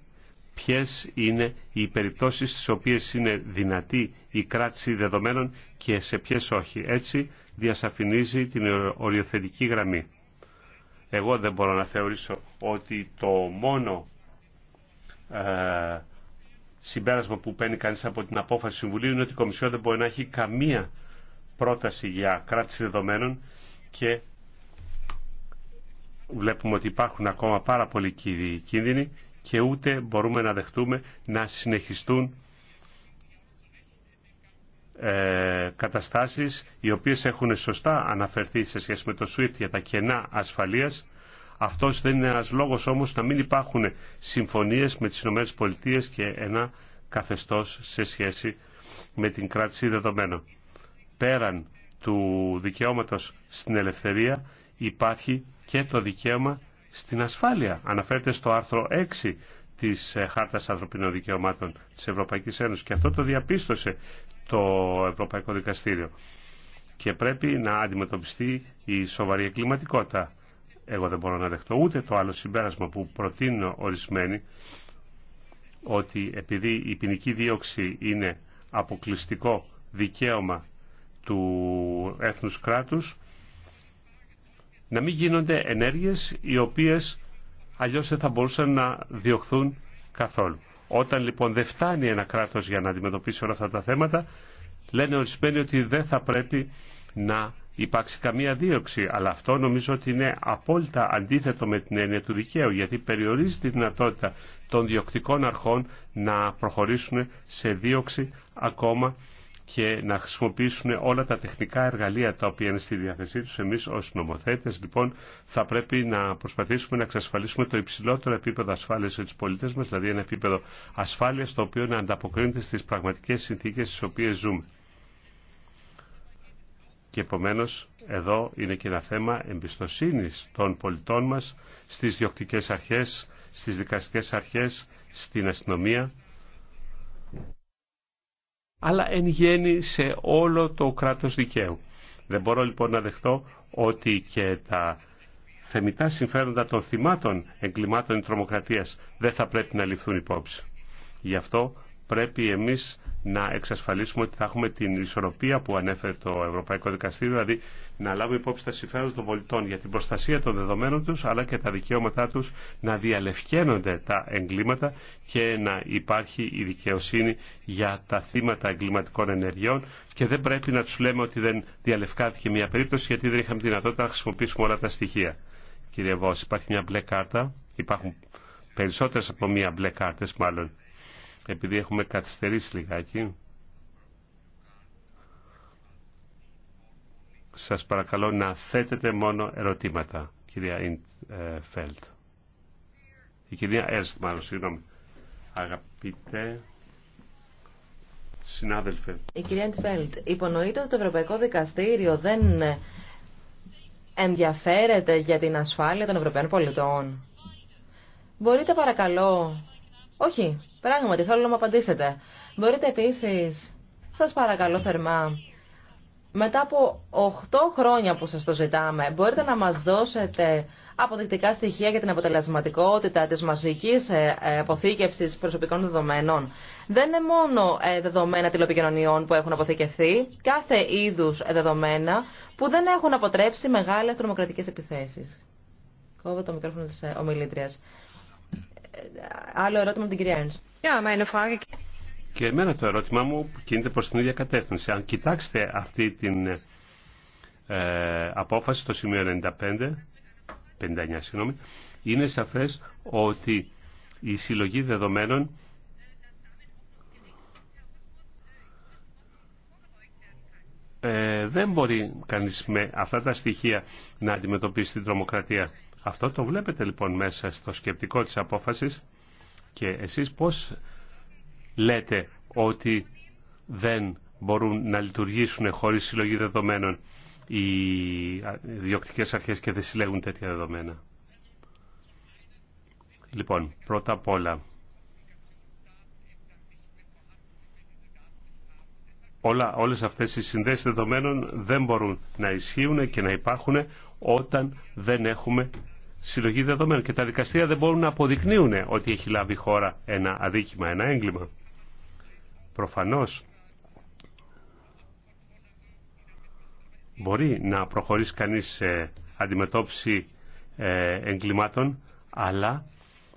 ποιες είναι οι περιπτώσεις στις οποίες είναι δυνατή η κράτηση δεδομένων και σε ποιες όχι. Έτσι διασαφηνίζει την οριοθετική γραμμή. Εγώ δεν μπορώ να θεωρήσω ότι το μόνο ε, συμπέρασμα που παίρνει κανείς από την απόφαση του Συμβουλίου είναι ότι η Κομισιόν δεν μπορεί να έχει καμία πρόταση για κράτηση δεδομένων και βλέπουμε ότι υπάρχουν ακόμα πάρα πολλοί κίνδυνοι και ούτε μπορούμε να δεχτούμε να συνεχιστούν ε, καταστάσεις οι οποίες έχουν σωστά αναφερθεί σε σχέση με το SWIFT για τα κενά ασφαλείας. Αυτός δεν είναι ένας λόγος όμως να μην υπάρχουν συμφωνίες με τις ΗΠΑ και ένα καθεστώς σε σχέση με την κράτηση δεδομένων. Πέραν του δικαιώματος στην ελευθερία υπάρχει και το δικαίωμα στην ασφάλεια. Αναφέρεται στο άρθρο 6 της ε, Χάρτας Ανθρωπινών Δικαιωμάτων της Ευρωπαϊκής Ένωσης και αυτό το διαπίστωσε το Ευρωπαϊκό Δικαστήριο. Και πρέπει να αντιμετωπιστεί η σοβαρή εγκληματικότητα. Εγώ δεν μπορώ να δεχτώ ούτε το άλλο συμπέρασμα που προτείνω ορισμένοι ότι επειδή η ποινική δίωξη είναι αποκλειστικό δικαίωμα του έθνους κράτους να μην γίνονται ενέργειες οι οποίες αλλιώς δεν θα μπορούσαν να διωχθούν καθόλου. Όταν λοιπόν δεν φτάνει ένα κράτος για να αντιμετωπίσει όλα αυτά τα θέματα, λένε ορισμένοι ότι δεν θα πρέπει να υπάρξει καμία δίωξη. Αλλά αυτό νομίζω ότι είναι απόλυτα αντίθετο με την έννοια του δικαίου, γιατί περιορίζει τη δυνατότητα των διοκτικών αρχών να προχωρήσουν σε δίωξη ακόμα και να χρησιμοποιήσουν όλα τα τεχνικά εργαλεία τα οποία είναι στη διάθεσή τους. Εμείς ως νομοθέτες λοιπόν θα πρέπει να προσπαθήσουμε να εξασφαλίσουμε το υψηλότερο επίπεδο ασφάλειας για τους πολίτες μας, δηλαδή ένα επίπεδο ασφάλειας το οποίο να ανταποκρίνεται στις πραγματικές συνθήκες στις οποίες ζούμε. Και επομένω, εδώ είναι και ένα θέμα εμπιστοσύνη των πολιτών μα στι διοκτικέ αρχές, στις δικαστικές αρχές, στην αστυνομία αλλά εν γέννη σε όλο το κράτος δικαίου. Δεν μπορώ λοιπόν να δεχτώ ότι και τα θεμητά συμφέροντα των θυμάτων εγκλημάτων τρομοκρατίας δεν θα πρέπει να ληφθούν υπόψη. Γι' αυτό πρέπει εμείς να εξασφαλίσουμε ότι θα έχουμε την ισορροπία που ανέφερε το Ευρωπαϊκό Δικαστήριο, δηλαδή να λάβουμε υπόψη τα συμφέροντα των πολιτών για την προστασία των δεδομένων τους, αλλά και τα δικαιώματά τους να διαλευκαίνονται τα εγκλήματα και να υπάρχει η δικαιοσύνη για τα θύματα εγκληματικών ενεργειών και δεν πρέπει να τους λέμε ότι δεν διαλευκάθηκε μια περίπτωση γιατί δεν είχαμε δυνατότητα να χρησιμοποιήσουμε όλα τα στοιχεία. Κύριε Βόση, υπάρχει μια μπλε κάρτα, υπάρχουν περισσότερες από μια μπλε κάρτε, μάλλον επειδή έχουμε καθυστερήσει λιγάκι. Σας παρακαλώ να θέτετε μόνο ερωτήματα, κυρία Ιντφέλτ. Ε, Η κυρία Έρστ, μάλλον, συγγνώμη. Αγαπητέ συνάδελφε. Η κυρία Ιντφέλτ, υπονοείται ότι το Ευρωπαϊκό Δικαστήριο δεν ενδιαφέρεται για την ασφάλεια των Ευρωπαίων πολιτών. Μπορείτε παρακαλώ... Όχι, Πράγματι, θέλω να μου απαντήσετε. Μπορείτε επίσης, σας παρακαλώ θερμά, μετά από 8 χρόνια που σας το ζητάμε, μπορείτε να μας δώσετε αποδεικτικά στοιχεία για την αποτελεσματικότητα της μαζικής ε, ε, αποθήκευσης προσωπικών δεδομένων. Δεν είναι μόνο ε, δεδομένα τηλεπικοινωνιών που έχουν αποθηκευθεί, κάθε είδους δεδομένα που δεν έχουν αποτρέψει μεγάλες τρομοκρατικές επιθέσεις. Κόβω το μικρόφωνο της ομιλήτριας άλλο ερώτημα από την κυρία Ένστ. Και εμένα το ερώτημά μου κινείται προ την ίδια κατεύθυνση. Αν κοιτάξετε αυτή την ε, απόφαση το σημείο 95, 59 συγγνώμη, είναι σαφές ότι η συλλογή δεδομένων ε, δεν μπορεί κανείς με αυτά τα στοιχεία να αντιμετωπίσει την τρομοκρατία. Αυτό το βλέπετε λοιπόν μέσα στο σκεπτικό της απόφασης και εσείς πώς λέτε ότι δεν μπορούν να λειτουργήσουν χωρίς συλλογή δεδομένων οι διοκτικές αρχές και δεν συλλέγουν τέτοια δεδομένα. Λοιπόν, πρώτα απ' όλα, όλα, όλες αυτές οι συνδέσεις δεδομένων δεν μπορούν να ισχύουν και να υπάρχουν όταν δεν έχουμε συλλογή δεδομένων και τα δικαστήρια δεν μπορούν να αποδεικνύουν ότι έχει λάβει η χώρα ένα αδίκημα, ένα έγκλημα. Προφανώς μπορεί να προχωρήσει κανείς σε αντιμετώπιση ε, εγκλημάτων, αλλά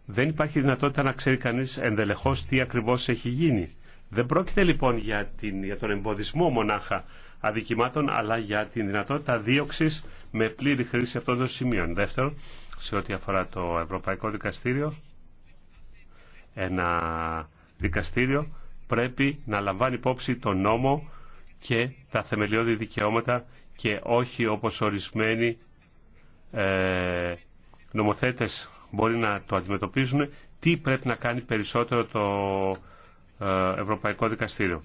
δεν υπάρχει δυνατότητα να ξέρει κανείς ενδελεχώς τι ακριβώς έχει γίνει. Δεν πρόκειται λοιπόν για, την, για τον εμποδισμό μονάχα αδικημάτων, αλλά για την δυνατότητα δίωξης με πλήρη χρήση αυτών των σημείων. Δεύτερον, σε ό,τι αφορά το Ευρωπαϊκό Δικαστήριο. Ένα δικαστήριο πρέπει να λαμβάνει υπόψη τον νόμο και τα θεμελιώδη δικαιώματα και όχι όπως ορισμένοι ε, νομοθέτες μπορεί να το αντιμετωπίζουν τι πρέπει να κάνει περισσότερο το ε, Ευρωπαϊκό Δικαστήριο.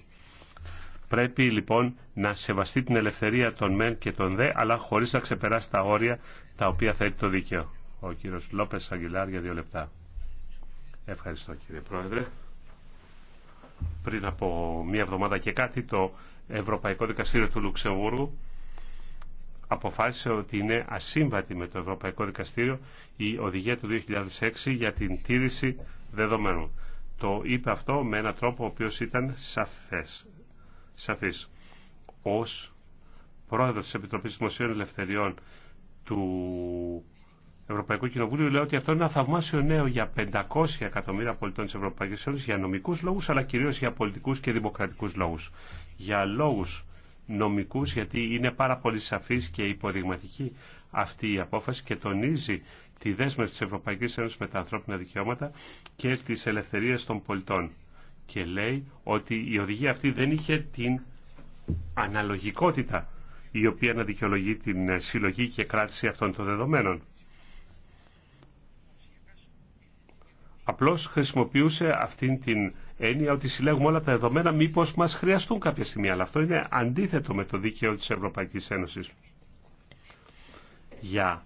Πρέπει λοιπόν να σεβαστεί την ελευθερία των μεν και των δε αλλά χωρίς να ξεπεράσει τα όρια τα οποία θέτει το δίκαιο. Ο κύριος Λόπες Αγγελάρ για δύο λεπτά. Ευχαριστώ κύριε Πρόεδρε. Πριν από μία εβδομάδα και κάτι το Ευρωπαϊκό Δικαστήριο του Λουξεμβούργου αποφάσισε ότι είναι ασύμβατη με το Ευρωπαϊκό Δικαστήριο η οδηγία του 2006 για την τήρηση δεδομένων. Το είπε αυτό με έναν τρόπο ο οποίος ήταν σαφές, σαφής. Ως πρόεδρος της Επιτροπής Δημοσίων Ελευθεριών του Ευρωπαϊκό Κοινοβούλιο λέει ότι αυτό είναι ένα θαυμάσιο νέο για 500 εκατομμύρια πολιτών τη Ευρωπαϊκή Ένωση για νομικού λόγου, αλλά κυρίω για πολιτικού και δημοκρατικού λόγου. Για λόγου νομικού, γιατί είναι πάρα πολύ σαφή και υποδειγματική αυτή η απόφαση και τονίζει τη δέσμευση τη Ευρωπαϊκή Ένωση με τα ανθρώπινα δικαιώματα και τι ελευθερίες των πολιτών. Και λέει ότι η οδηγία αυτή δεν είχε την αναλογικότητα η οποία να δικαιολογεί την συλλογή και κράτηση αυτών των δεδομένων. Απλώς χρησιμοποιούσε αυτήν την έννοια ότι συλλέγουμε όλα τα δεδομένα μήπως μας χρειαστούν κάποια στιγμή. Αλλά αυτό είναι αντίθετο με το δίκαιο της Ευρωπαϊκής Ένωσης. Για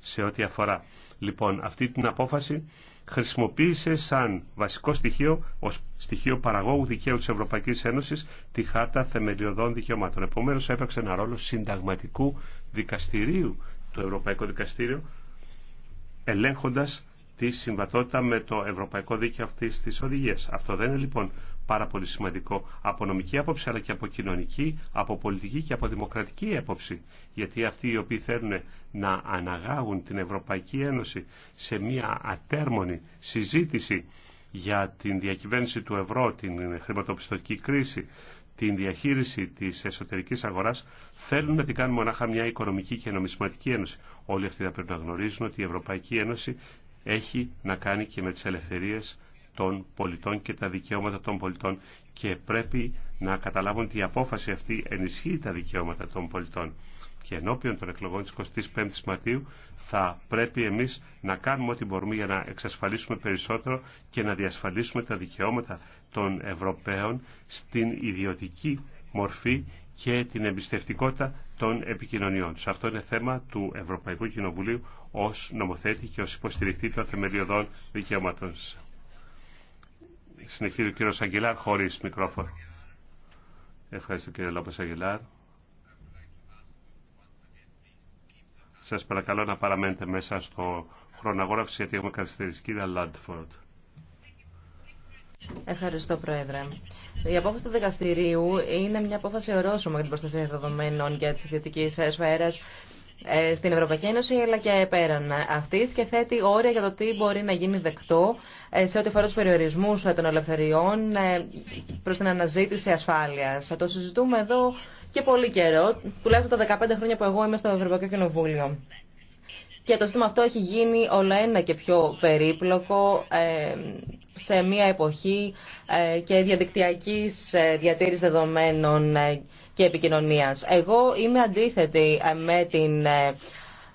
σε ό,τι αφορά. Λοιπόν, αυτή την απόφαση χρησιμοποίησε σαν βασικό στοιχείο, ως στοιχείο παραγόγου δικαίου της Ευρωπαϊκής Ένωσης, τη Χάρτα Θεμελιωδών Δικαιωμάτων. Επομένως, έπαιξε ένα ρόλο συνταγματικού δικαστηρίου του Ευρωπαϊκού Δικαστήριο, ελέγχοντας τη συμβατότητα με το ευρωπαϊκό δίκαιο αυτή τη οδηγία. Αυτό δεν είναι λοιπόν πάρα πολύ σημαντικό από νομική άποψη αλλά και από κοινωνική, από πολιτική και από δημοκρατική άποψη. Γιατί αυτοί οι οποίοι θέλουν να αναγάγουν την Ευρωπαϊκή Ένωση σε μια ατέρμονη συζήτηση για την διακυβέρνηση του ευρώ, την χρηματοπιστωτική κρίση, την διαχείριση της εσωτερικής αγοράς θέλουν να την κάνουν μονάχα μια οικονομική και νομισματική ένωση. Όλοι αυτοί θα πρέπει να γνωρίζουν ότι η Ευρωπαϊκή Ένωση έχει να κάνει και με τις ελευθερίες των πολιτών και τα δικαιώματα των πολιτών και πρέπει να καταλάβουν ότι η απόφαση αυτή ενισχύει τα δικαιώματα των πολιτών. Και ενώπιον των εκλογών της 25ης Μαρτίου θα πρέπει εμείς να κάνουμε ό,τι μπορούμε για να εξασφαλίσουμε περισσότερο και να διασφαλίσουμε τα δικαιώματα των Ευρωπαίων στην ιδιωτική μορφή και την εμπιστευτικότητα των επικοινωνιών. Σε αυτό είναι θέμα του Ευρωπαϊκού Κοινοβουλίου ως νομοθέτη και ως υποστηριχτή των θεμελιωδών δικαιωμάτων. Συνεχίζει ο κύριο Αγγελάρ χωρί μικρόφωνο. Ευχαριστώ κύριε Λόπε Αγγελάρ. Σα παρακαλώ να παραμένετε μέσα στο χρονογράφηση γιατί έχουμε καθυστερήσει. Κύριε Λάντφορντ. Ευχαριστώ Πρόεδρε. Η απόφαση του δικαστηρίου είναι μια απόφαση ορόσημα για την προστασία δεδομένων για τη ιδιωτική σφαίρα ε, στην Ευρωπαϊκή Ένωση αλλά και πέραν αυτή και θέτει όρια για το τι μπορεί να γίνει δεκτό ε, σε ό,τι αφορά του περιορισμού ε, των ελευθεριών προ την αναζήτηση ασφάλεια. Θα το συζητούμε εδώ και πολύ καιρό, τουλάχιστον τα 15 χρόνια που εγώ είμαι στο Ευρωπαϊκό Κοινοβούλιο. Και το σύστημα αυτό έχει γίνει όλο ένα και πιο περίπλοκο ε, σε μια εποχή ε, και διαδικτυακής ε, διατήρησης δεδομένων και επικοινωνίας. Εγώ είμαι αντίθετη με την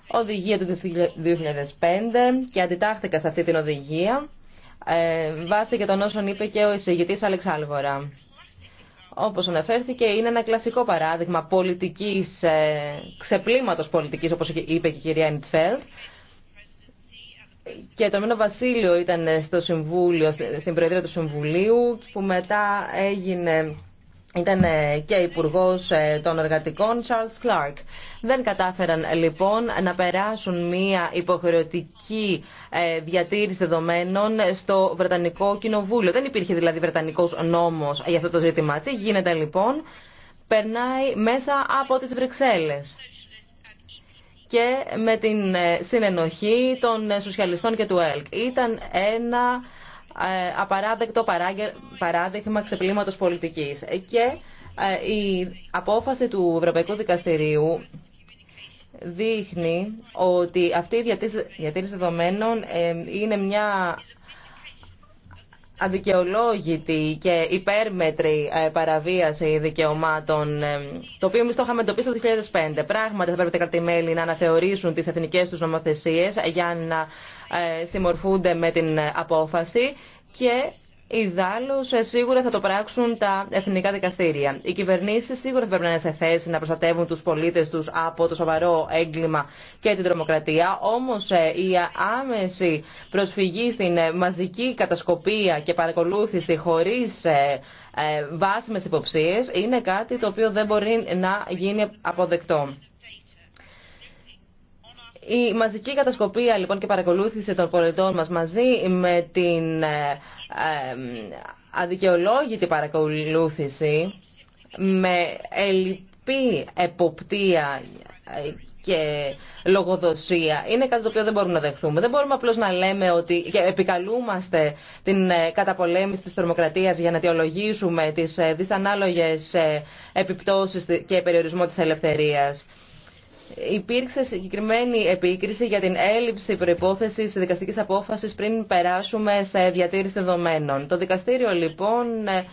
οδηγία του 2005 και αντιτάχθηκα σε αυτή την οδηγία βάσει και των όσων είπε και ο εισηγητής Αλεξάλγορα όπως αναφέρθηκε, είναι ένα κλασικό παράδειγμα πολιτικής, ε, ξεπλήματος πολιτικής, όπως είπε και η κυρία Ιντφέλτ. Και το Μήνο Βασίλειο ήταν στο Συμβούλιο, στην Προεδρία του Συμβουλίου, που μετά έγινε ήταν ε, και υπουργό ε, των εργατικών, Charles Clark. Δεν κατάφεραν λοιπόν να περάσουν μία υποχρεωτική ε, διατήρηση δεδομένων στο Βρετανικό Κοινοβούλιο. Δεν υπήρχε δηλαδή Βρετανικός νόμος για αυτό το ζήτημα. Τι γίνεται λοιπόν, περνάει μέσα από τις Βρυξέλλες και με την συνενοχή των Σοσιαλιστών και του ΕΛΚ. Ήταν ένα ε, απαράδεκτο παράδειγμα ξεπλήματος πολιτικής. Ε, και ε, η απόφαση του Ευρωπαϊκού Δικαστηρίου δείχνει ότι αυτή η διατήρηση δεδομένων είναι μια αδικαιολόγητη και υπέρμετρη ε, παραβίαση δικαιωμάτων, ε, το οποίο εμεί το είχαμε εντοπίσει το 2005. Πράγματι, θα πρέπει τα κρατημέλη να αναθεωρήσουν τι εθνικέ του νομοθεσίε για να ε, συμμορφούνται με την απόφαση και Ιδάλω, ε, σίγουρα θα το πράξουν τα εθνικά δικαστήρια. Οι κυβερνήσει σίγουρα θα πρέπει να είναι σε θέση να προστατεύουν του πολίτε του από το σοβαρό έγκλημα και την τρομοκρατία. Όμω, ε, η άμεση προσφυγή στην ε, μαζική κατασκοπία και παρακολούθηση χωρί βάσιμε υποψίε είναι κάτι το οποίο δεν μπορεί να γίνει αποδεκτό. Η μαζική κατασκοπία λοιπόν και παρακολούθηση των πολιτών μας μαζί με την ε, αδικαιολόγητη παρακολούθηση με ελλειπή εποπτεία ε, και λογοδοσία είναι κάτι το οποίο δεν μπορούμε να δεχθούμε. Δεν μπορούμε απλώς να λέμε ότι και επικαλούμαστε την ε, καταπολέμηση της τρομοκρατίας για να αιτιολογήσουμε τις ε, δυσανάλογες επιπτώσεις και περιορισμό της ελευθερίας υπήρξε συγκεκριμένη επίκριση για την έλλειψη προϋπόθεσης δικαστική απόφαση πριν περάσουμε σε διατήρηση δεδομένων. Το δικαστήριο λοιπόν ε,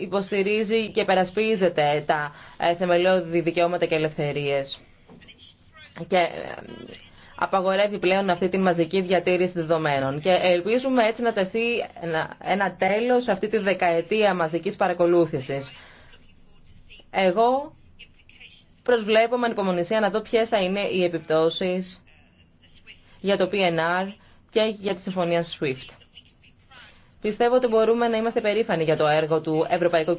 υποστηρίζει και περασπίζεται τα ε, θεμελιώδη δικαιώματα και ελευθερίες. Και ε, απαγορεύει πλέον αυτή τη μαζική διατήρηση δεδομένων. Και ελπίζουμε έτσι να τεθεί ένα τέλος αυτή τη δεκαετία μαζικής παρακολούθησης. Εγώ προσβλέπω με ανυπομονησία να δω ποιες θα είναι οι επιπτώσεις για το PNR και για τη συμφωνία SWIFT. Πιστεύω ότι μπορούμε να είμαστε περήφανοι για το έργο του Ευρωπαϊκού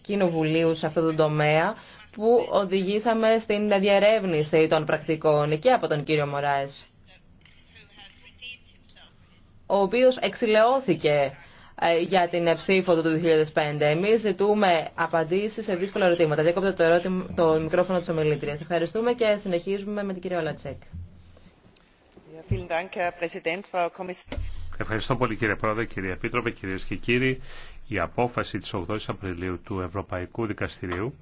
Κοινοβουλίου σε αυτό το τομέα που οδηγήσαμε στην διερεύνηση των πρακτικών και από τον κύριο Μωράες ο οποίος εξηλαιώθηκε ε, για την ψήφο του 2005. Εμεί ζητούμε απαντήσει σε δύσκολα ερωτήματα. Διέκοπτε το, ερώτημα, το μικρόφωνο τη ομιλήτρια. Ευχαριστούμε και συνεχίζουμε με την κυρία Λατσέκ. Ευχαριστώ πολύ κύριε Πρόεδρε, κύριε Επίτροπε, κυρίε και κύριοι. Η απόφαση τη 8 η Απριλίου του Ευρωπαϊκού Δικαστηρίου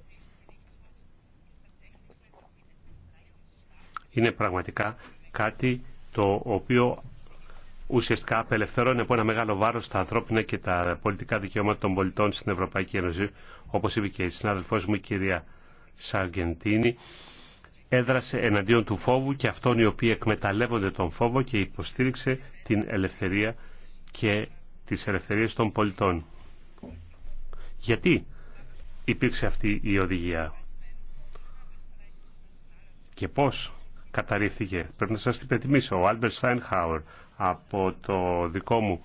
είναι πραγματικά κάτι το οποίο ουσιαστικά απελευθερώνει από ένα μεγάλο βάρο τα ανθρώπινα και τα πολιτικά δικαιώματα των πολιτών στην Ευρωπαϊκή Ένωση. Όπω είπε και η συνάδελφό μου, η κυρία Σαργεντίνη, έδρασε εναντίον του φόβου και αυτών οι οποίοι εκμεταλλεύονται τον φόβο και υποστήριξε την ελευθερία και τι ελευθερίε των πολιτών. Γιατί υπήρξε αυτή η οδηγία και πώς καταρρίφθηκε. Πρέπει να σας την πετιμήσω. Ο Άλμπερ Στάινχάουρ από το δικό μου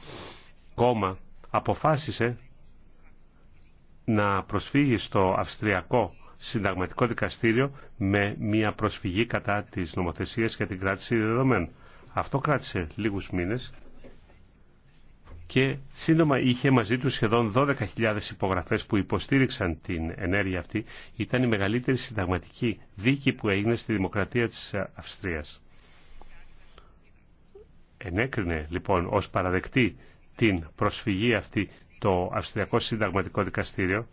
κόμμα αποφάσισε να προσφύγει στο Αυστριακό Συνταγματικό Δικαστήριο με μια προσφυγή κατά της νομοθεσίας για την κράτηση δεδομένων. Αυτό κράτησε λίγους μήνες και σύντομα είχε μαζί του σχεδόν 12.000 υπογραφές που υποστήριξαν την ενέργεια αυτή. Ήταν η μεγαλύτερη συνταγματική δίκη που έγινε στη δημοκρατία της Αυστρίας ενέκρινε λοιπόν ως παραδεκτή την προσφυγή αυτή το Αυστριακό Συνταγματικό Δικαστήριο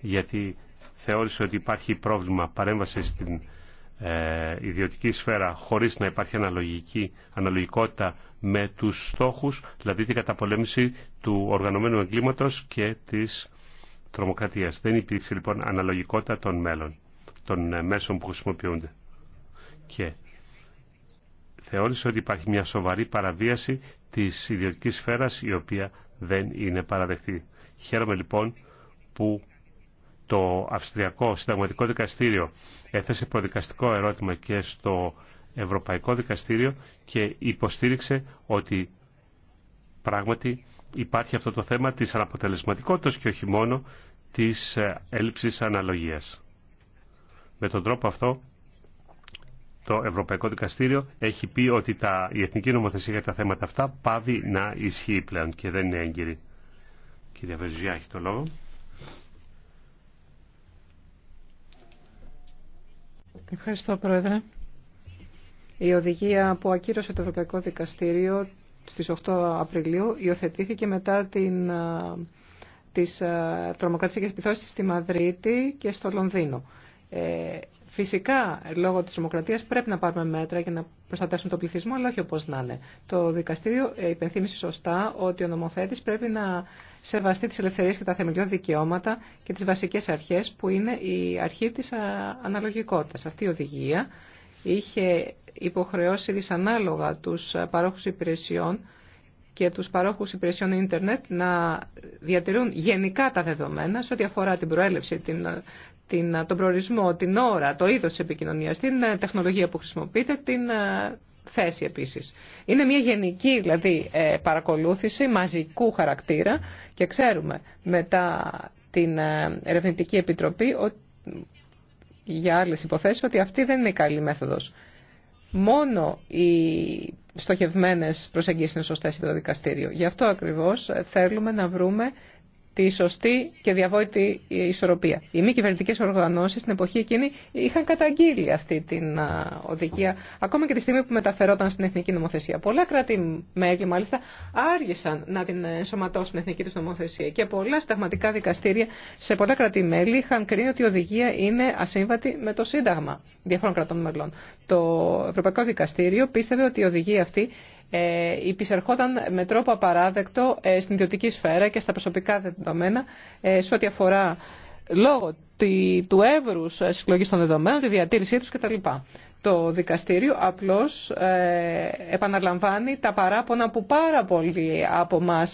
γιατί θεώρησε ότι υπάρχει πρόβλημα παρέμβαση στην ε, ιδιωτική σφαίρα χωρίς να υπάρχει αναλογική, αναλογικότητα με τους στόχους, δηλαδή την καταπολέμηση του οργανωμένου εγκλήματος και της τρομοκρατίας. Δεν υπήρξε λοιπόν αναλογικότητα των μέλων, των ε, μέσων που χρησιμοποιούνται θεώρησε ότι υπάρχει μια σοβαρή παραβίαση της ιδιωτικής σφαίρας η οποία δεν είναι παραδεκτή. Χαίρομαι λοιπόν που το Αυστριακό Συνταγματικό Δικαστήριο έθεσε προδικαστικό ερώτημα και στο Ευρωπαϊκό Δικαστήριο και υποστήριξε ότι πράγματι υπάρχει αυτό το θέμα της αναποτελεσματικότητας και όχι μόνο της ε, έλλειψης αναλογίας. Με τον τρόπο αυτό το Ευρωπαϊκό Δικαστήριο έχει πει ότι τα, η εθνική νομοθεσία για τα θέματα αυτά πάβει να ισχύει πλέον και δεν είναι έγκυρη. Κυρία Βεζιά το λόγο. Ευχαριστώ, Πρόεδρε. Η οδηγία που ακύρωσε το Ευρωπαϊκό Δικαστήριο στις 8 Απριλίου υιοθετήθηκε μετά την, τις τρομοκρατικές επιθώσεις στη Μαδρίτη και στο Λονδίνο. Ε, Φυσικά, λόγω της δημοκρατία πρέπει να πάρουμε μέτρα για να προστατεύσουμε τον πληθυσμό, αλλά όχι όπως να είναι. Το δικαστήριο υπενθύμησε σωστά ότι ο νομοθέτης πρέπει να σεβαστεί τις ελευθερίες και τα θεμελιώδη δικαιώματα και τις βασικές αρχές που είναι η αρχή της αναλογικότητας. Αυτή η οδηγία είχε υποχρεώσει δυσανάλογα του παρόχου υπηρεσιών και τους παρόχους υπηρεσιών ίντερνετ να διατηρούν γενικά τα δεδομένα σε ό,τι αφορά την προέλευση, την, την, τον προορισμό, την ώρα, το είδος της επικοινωνίας, την ε, τεχνολογία που χρησιμοποιείται, την ε, θέση επίσης. Είναι μια γενική δηλαδή ε, παρακολούθηση μαζικού χαρακτήρα και ξέρουμε μετά την Ερευνητική Επιτροπή για άλλες υποθέσεις ότι αυτή δεν είναι η καλή μέθοδος μόνο οι στοχευμένες προσεγγίσεις είναι σωστές για το δικαστήριο. Γι' αυτό ακριβώς θέλουμε να βρούμε τη σωστή και διαβόητη ισορροπία. Οι μη κυβερνητικέ οργανώσει στην εποχή εκείνη είχαν καταγγείλει αυτή την οδηγία, ακόμα και τη στιγμή που μεταφερόταν στην εθνική νομοθεσία. Πολλά κράτη-μέλη, μάλιστα, άργησαν να την ενσωματώσουν στην εθνική του νομοθεσία και πολλά σταγματικά δικαστήρια σε πολλά κράτη-μέλη είχαν κρίνει ότι η οδηγία είναι ασύμβατη με το Σύνταγμα διαφόρων κρατών μελών. Το Ευρωπαϊκό Δικαστήριο πίστευε ότι η οδηγία αυτή ε, υπησερχόταν με τρόπο απαράδεκτο ε, στην ιδιωτική σφαίρα και στα προσωπικά δεδομένα ε, σε ό,τι αφορά λόγω του εύρους συλλογής των δεδομένων, τη διατήρησή τους κτλ. Το δικαστήριο απλώς ε, επαναλαμβάνει τα παράπονα που πάρα πολλοί από εμά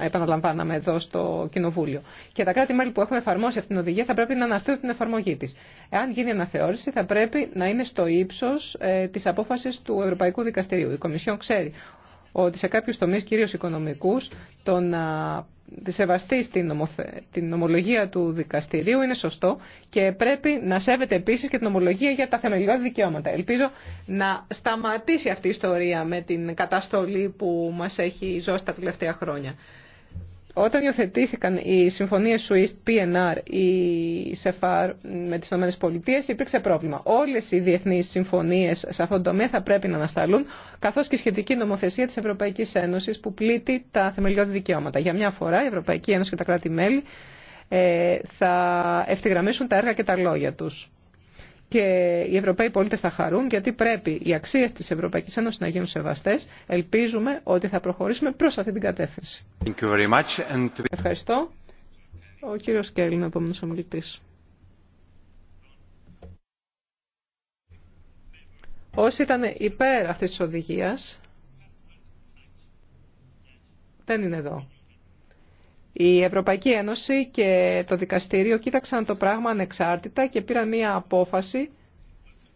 επαναλαμβάναμε εδώ στο Κοινοβούλιο. Και τα κράτη-μέλη που έχουν εφαρμόσει αυτήν την οδηγία θα πρέπει να αναστείλουν την εφαρμογή της. Εάν γίνει αναθεώρηση θα πρέπει να είναι στο ύψος ε, της απόφασης του Ευρωπαϊκού Δικαστηρίου. Η Κομισιόν ξέρει ότι σε κάποιους τομείς, κυρίως οικονομικούς, το να τη σεβαστεί στην την νομολογία του δικαστηρίου είναι σωστό και πρέπει να σέβεται επίσης και την νομολογία για τα θεμελιώδη δικαιώματα. Ελπίζω να σταματήσει αυτή η ιστορία με την καταστολή που μας έχει ζώσει τα τελευταία χρόνια. Όταν υιοθετήθηκαν οι συμφωνίε SWIFT, PNR, η SEFAR με τι ΗΠΑ, υπήρξε πρόβλημα. Όλε οι διεθνεί συμφωνίε σε αυτό το τομέα θα πρέπει να ανασταλούν, καθώ και η σχετική νομοθεσία τη Ευρωπαϊκή Ένωση που πλήττει τα θεμελιώδη δικαιώματα. Για μια φορά η Ευρωπαϊκή Ένωση και τα κράτη-μέλη ε, θα ευθυγραμμίσουν τα έργα και τα λόγια του και οι Ευρωπαίοι πολίτε θα χαρούν γιατί πρέπει οι αξίε τη Ευρωπαϊκή Ένωση να γίνουν σεβαστέ. Ελπίζουμε ότι θα προχωρήσουμε προ αυτή την κατεύθυνση. Ευχαριστώ. Ο κύριο Κέλλη είναι ο επόμενο ομιλητή. Όσοι ήταν υπέρ αυτής της οδηγίας, δεν είναι εδώ. Η Ευρωπαϊκή Ένωση και το δικαστήριο κοίταξαν το πράγμα ανεξάρτητα και πήραν μία απόφαση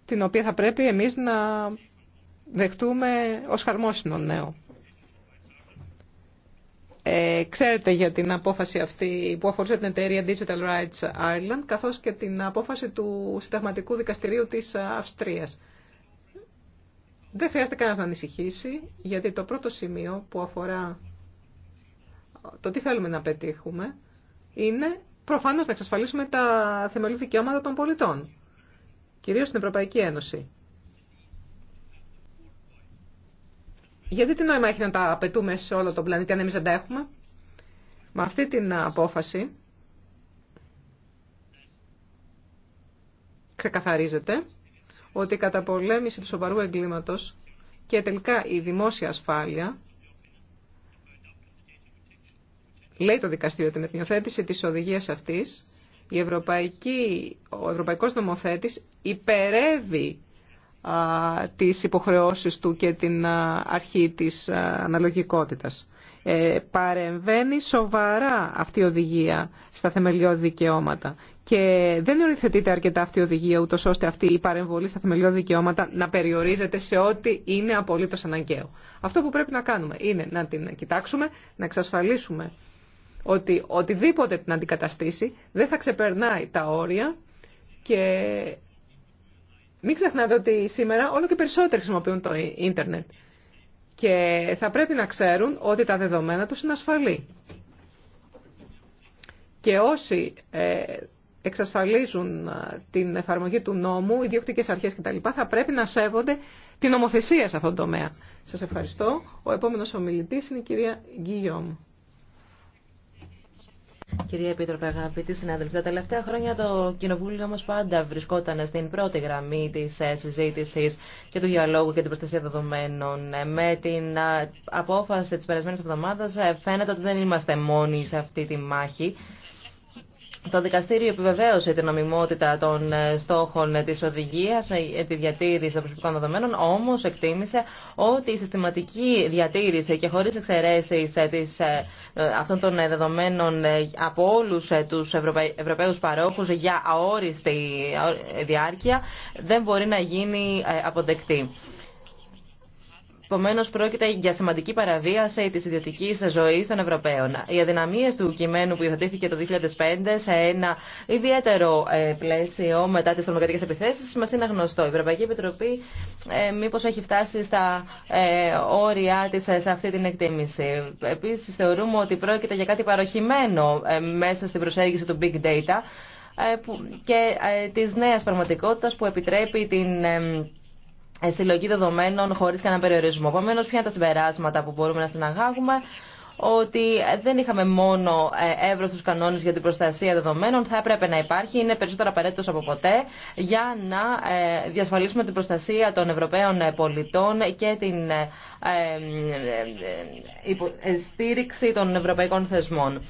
την οποία θα πρέπει εμείς να δεχτούμε ως χαρμόσυνο νέο. Ε, ξέρετε για την απόφαση αυτή που αφορούσε την εταιρεία Digital Rights Ireland, καθώς και την απόφαση του Συνταγματικού Δικαστηρίου της Αυστρίας. Δεν χρειάζεται κανένας να ανησυχήσει, γιατί το πρώτο σημείο που αφορά το τι θέλουμε να πετύχουμε είναι προφανώς να εξασφαλίσουμε τα θεμελιώδη δικαιώματα των πολιτών, κυρίως στην Ευρωπαϊκή Ένωση. Γιατί τι νόημα έχει να τα απαιτούμε σε όλο τον πλανήτη αν εμείς δεν τα έχουμε. Με αυτή την απόφαση ξεκαθαρίζεται ότι η καταπολέμηση του σοβαρού εγκλήματος και τελικά η δημόσια ασφάλεια λέει το δικαστήριο με την υιοθέτηση της οδηγίας αυτής η Ευρωπαϊκή, ο Ευρωπαϊκός Νομοθέτης υπερεύει α, τις υποχρεώσεις του και την αρχή της α, αναλογικότητας. Ε, παρεμβαίνει σοβαρά αυτή η οδηγία στα θεμελιώδη δικαιώματα και δεν οριθετείται αρκετά αυτή η οδηγία ούτω ώστε αυτή η παρεμβολή στα θεμελιώδη δικαιώματα να περιορίζεται σε ό,τι είναι απολύτως αναγκαίο. Αυτό που πρέπει να κάνουμε είναι να την κοιτάξουμε, να εξασφαλίσουμε ότι οτιδήποτε την αντικαταστήσει δεν θα ξεπερνάει τα όρια και μην ξεχνάτε ότι σήμερα όλο και περισσότεροι χρησιμοποιούν το ίντερνετ και θα πρέπει να ξέρουν ότι τα δεδομένα τους είναι ασφαλή. Και όσοι ε, εξασφαλίζουν ε, την εφαρμογή του νόμου, οι διοκτικές αρχές κτλ. θα πρέπει να σέβονται την νομοθεσία σε αυτόν τον τομέα. Σας ευχαριστώ. Ο επόμενος ομιλητής είναι η κυρία Γκίγιόμ. Κυρία Επίτροπε, αγαπητοί συνάδελφοι, τα τελευταία χρόνια το Κοινοβούλιο όμω πάντα βρισκόταν στην πρώτη γραμμή τη ε, συζήτηση και του διαλόγου και την προστασία δεδομένων. Ε, με την απόφαση τη περασμένη εβδομάδα ε, φαίνεται ότι δεν είμαστε μόνοι σε αυτή τη μάχη. Το δικαστήριο επιβεβαίωσε την νομιμότητα των ε, στόχων ε, της οδηγίας, τη ε, διατήρηση των προσωπικών δεδομένων, όμως εκτίμησε ότι η συστηματική διατήρηση και χωρίς εξαιρεσει αυτών των δεδομένων από όλου του Ευρωπαίου παρόχου για αόριστη διάρκεια δεν μπορεί να γίνει αποδεκτή. Επομένω, πρόκειται για σημαντική παραβίαση τη ιδιωτική ζωή των Ευρωπαίων. Οι αδυναμίε του κειμένου που υιοθετήθηκε το 2005 σε ένα ιδιαίτερο ε, πλαίσιο μετά τι τρομοκρατικέ επιθέσει μα είναι γνωστό. Η Ευρωπαϊκή Επιτροπή ε, μήπω έχει φτάσει στα ε, όρια τη ε, σε αυτή την εκτίμηση. Επίση, θεωρούμε ότι πρόκειται για κάτι παροχημένο ε, μέσα στην προσέγγιση του Big Data ε, και τη νέα πραγματικότητα που επιτρέπει την ε, συλλογή δεδομένων χωρίς κανένα περιορισμό. Επομένω, ποια είναι τα συμπεράσματα που μπορούμε να συναγάγουμε ότι ε, δεν είχαμε μόνο ε, εύρω στους κανόνες για την προστασία δεδομένων, θα έπρεπε να υπάρχει, είναι περισσότερο απαραίτητο από ποτέ για να διασφαλίσουμε την προστασία των Ευρωπαίων πολιτών και την στήριξη των ευρωπαϊκών θεσμών.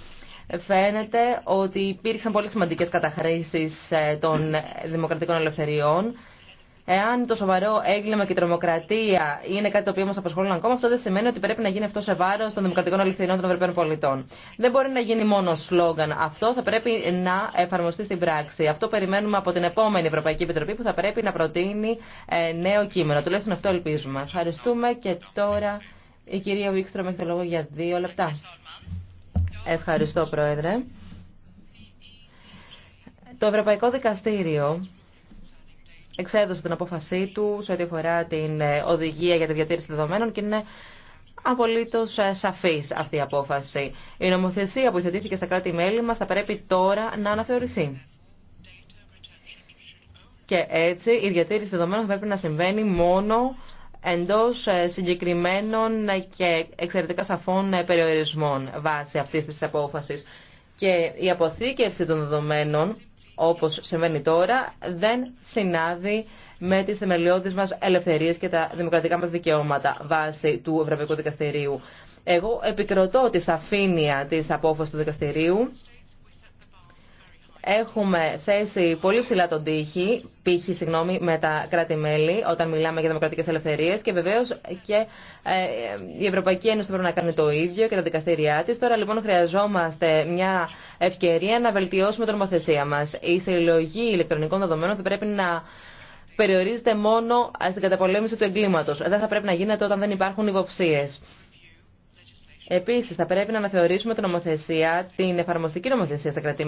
Φαίνεται ότι υπήρξαν πολύ σημαντικές καταχρήσεις των δημοκρατικών ελευθεριών Εάν το σοβαρό έγκλημα και η τρομοκρατία είναι κάτι το οποίο μα απασχολούν ακόμα, αυτό δεν σημαίνει ότι πρέπει να γίνει αυτό σε βάρο των δημοκρατικών αληθινών των Ευρωπαίων πολιτών. Δεν μπορεί να γίνει μόνο σλόγγαν. Αυτό θα πρέπει να εφαρμοστεί στην πράξη. Αυτό περιμένουμε από την επόμενη Ευρωπαϊκή Επιτροπή που θα πρέπει να προτείνει ε, νέο κείμενο. Τουλάχιστον αυτό ελπίζουμε. Ευχαριστούμε και τώρα η κυρία Βίξτρομ έχει το λόγο για δύο λεπτά. Ευχαριστώ, Πρόεδρε. Το Ευρωπαϊκό Δικαστήριο εξέδωσε την απόφασή του σε ό,τι αφορά την ε, οδηγία για τη διατήρηση δεδομένων και είναι απολύτω ε, σαφή αυτή η απόφαση. Η νομοθεσία που υιοθετήθηκε στα κράτη-μέλη μα θα πρέπει τώρα να αναθεωρηθεί. Και έτσι η διατήρηση δεδομένων θα πρέπει να συμβαίνει μόνο εντός ε, συγκεκριμένων και εξαιρετικά σαφών περιορισμών βάσει αυτή τη απόφαση. Και η αποθήκευση των δεδομένων όπως συμβαίνει τώρα, δεν συνάδει με τις θεμελιώδεις μας ελευθερίες και τα δημοκρατικά μας δικαιώματα βάσει του Ευρωπαϊκού Δικαστηρίου. Εγώ επικροτώ τη σαφήνεια της απόφασης του δικαστηρίου Έχουμε θέσει πολύ ψηλά τον τύχη, πύχη συγγνώμη, με τα κράτη-μέλη όταν μιλάμε για δημοκρατικέ ελευθερίε και βεβαίω και ε, η Ευρωπαϊκή Ένωση πρέπει να κάνει το ίδιο και τα δικαστήριά τη. Τώρα λοιπόν χρειαζόμαστε μια ευκαιρία να βελτιώσουμε την νομοθεσία μα. Η συλλογή ηλεκτρονικών δεδομένων θα πρέπει να περιορίζεται μόνο στην καταπολέμηση του εγκλήματος. Δεν θα πρέπει να γίνεται όταν δεν υπάρχουν υποψίε. Επίση, θα πρέπει να αναθεωρήσουμε την νομοθεσία, την εφαρμοστική νομοθεσία στα κρατη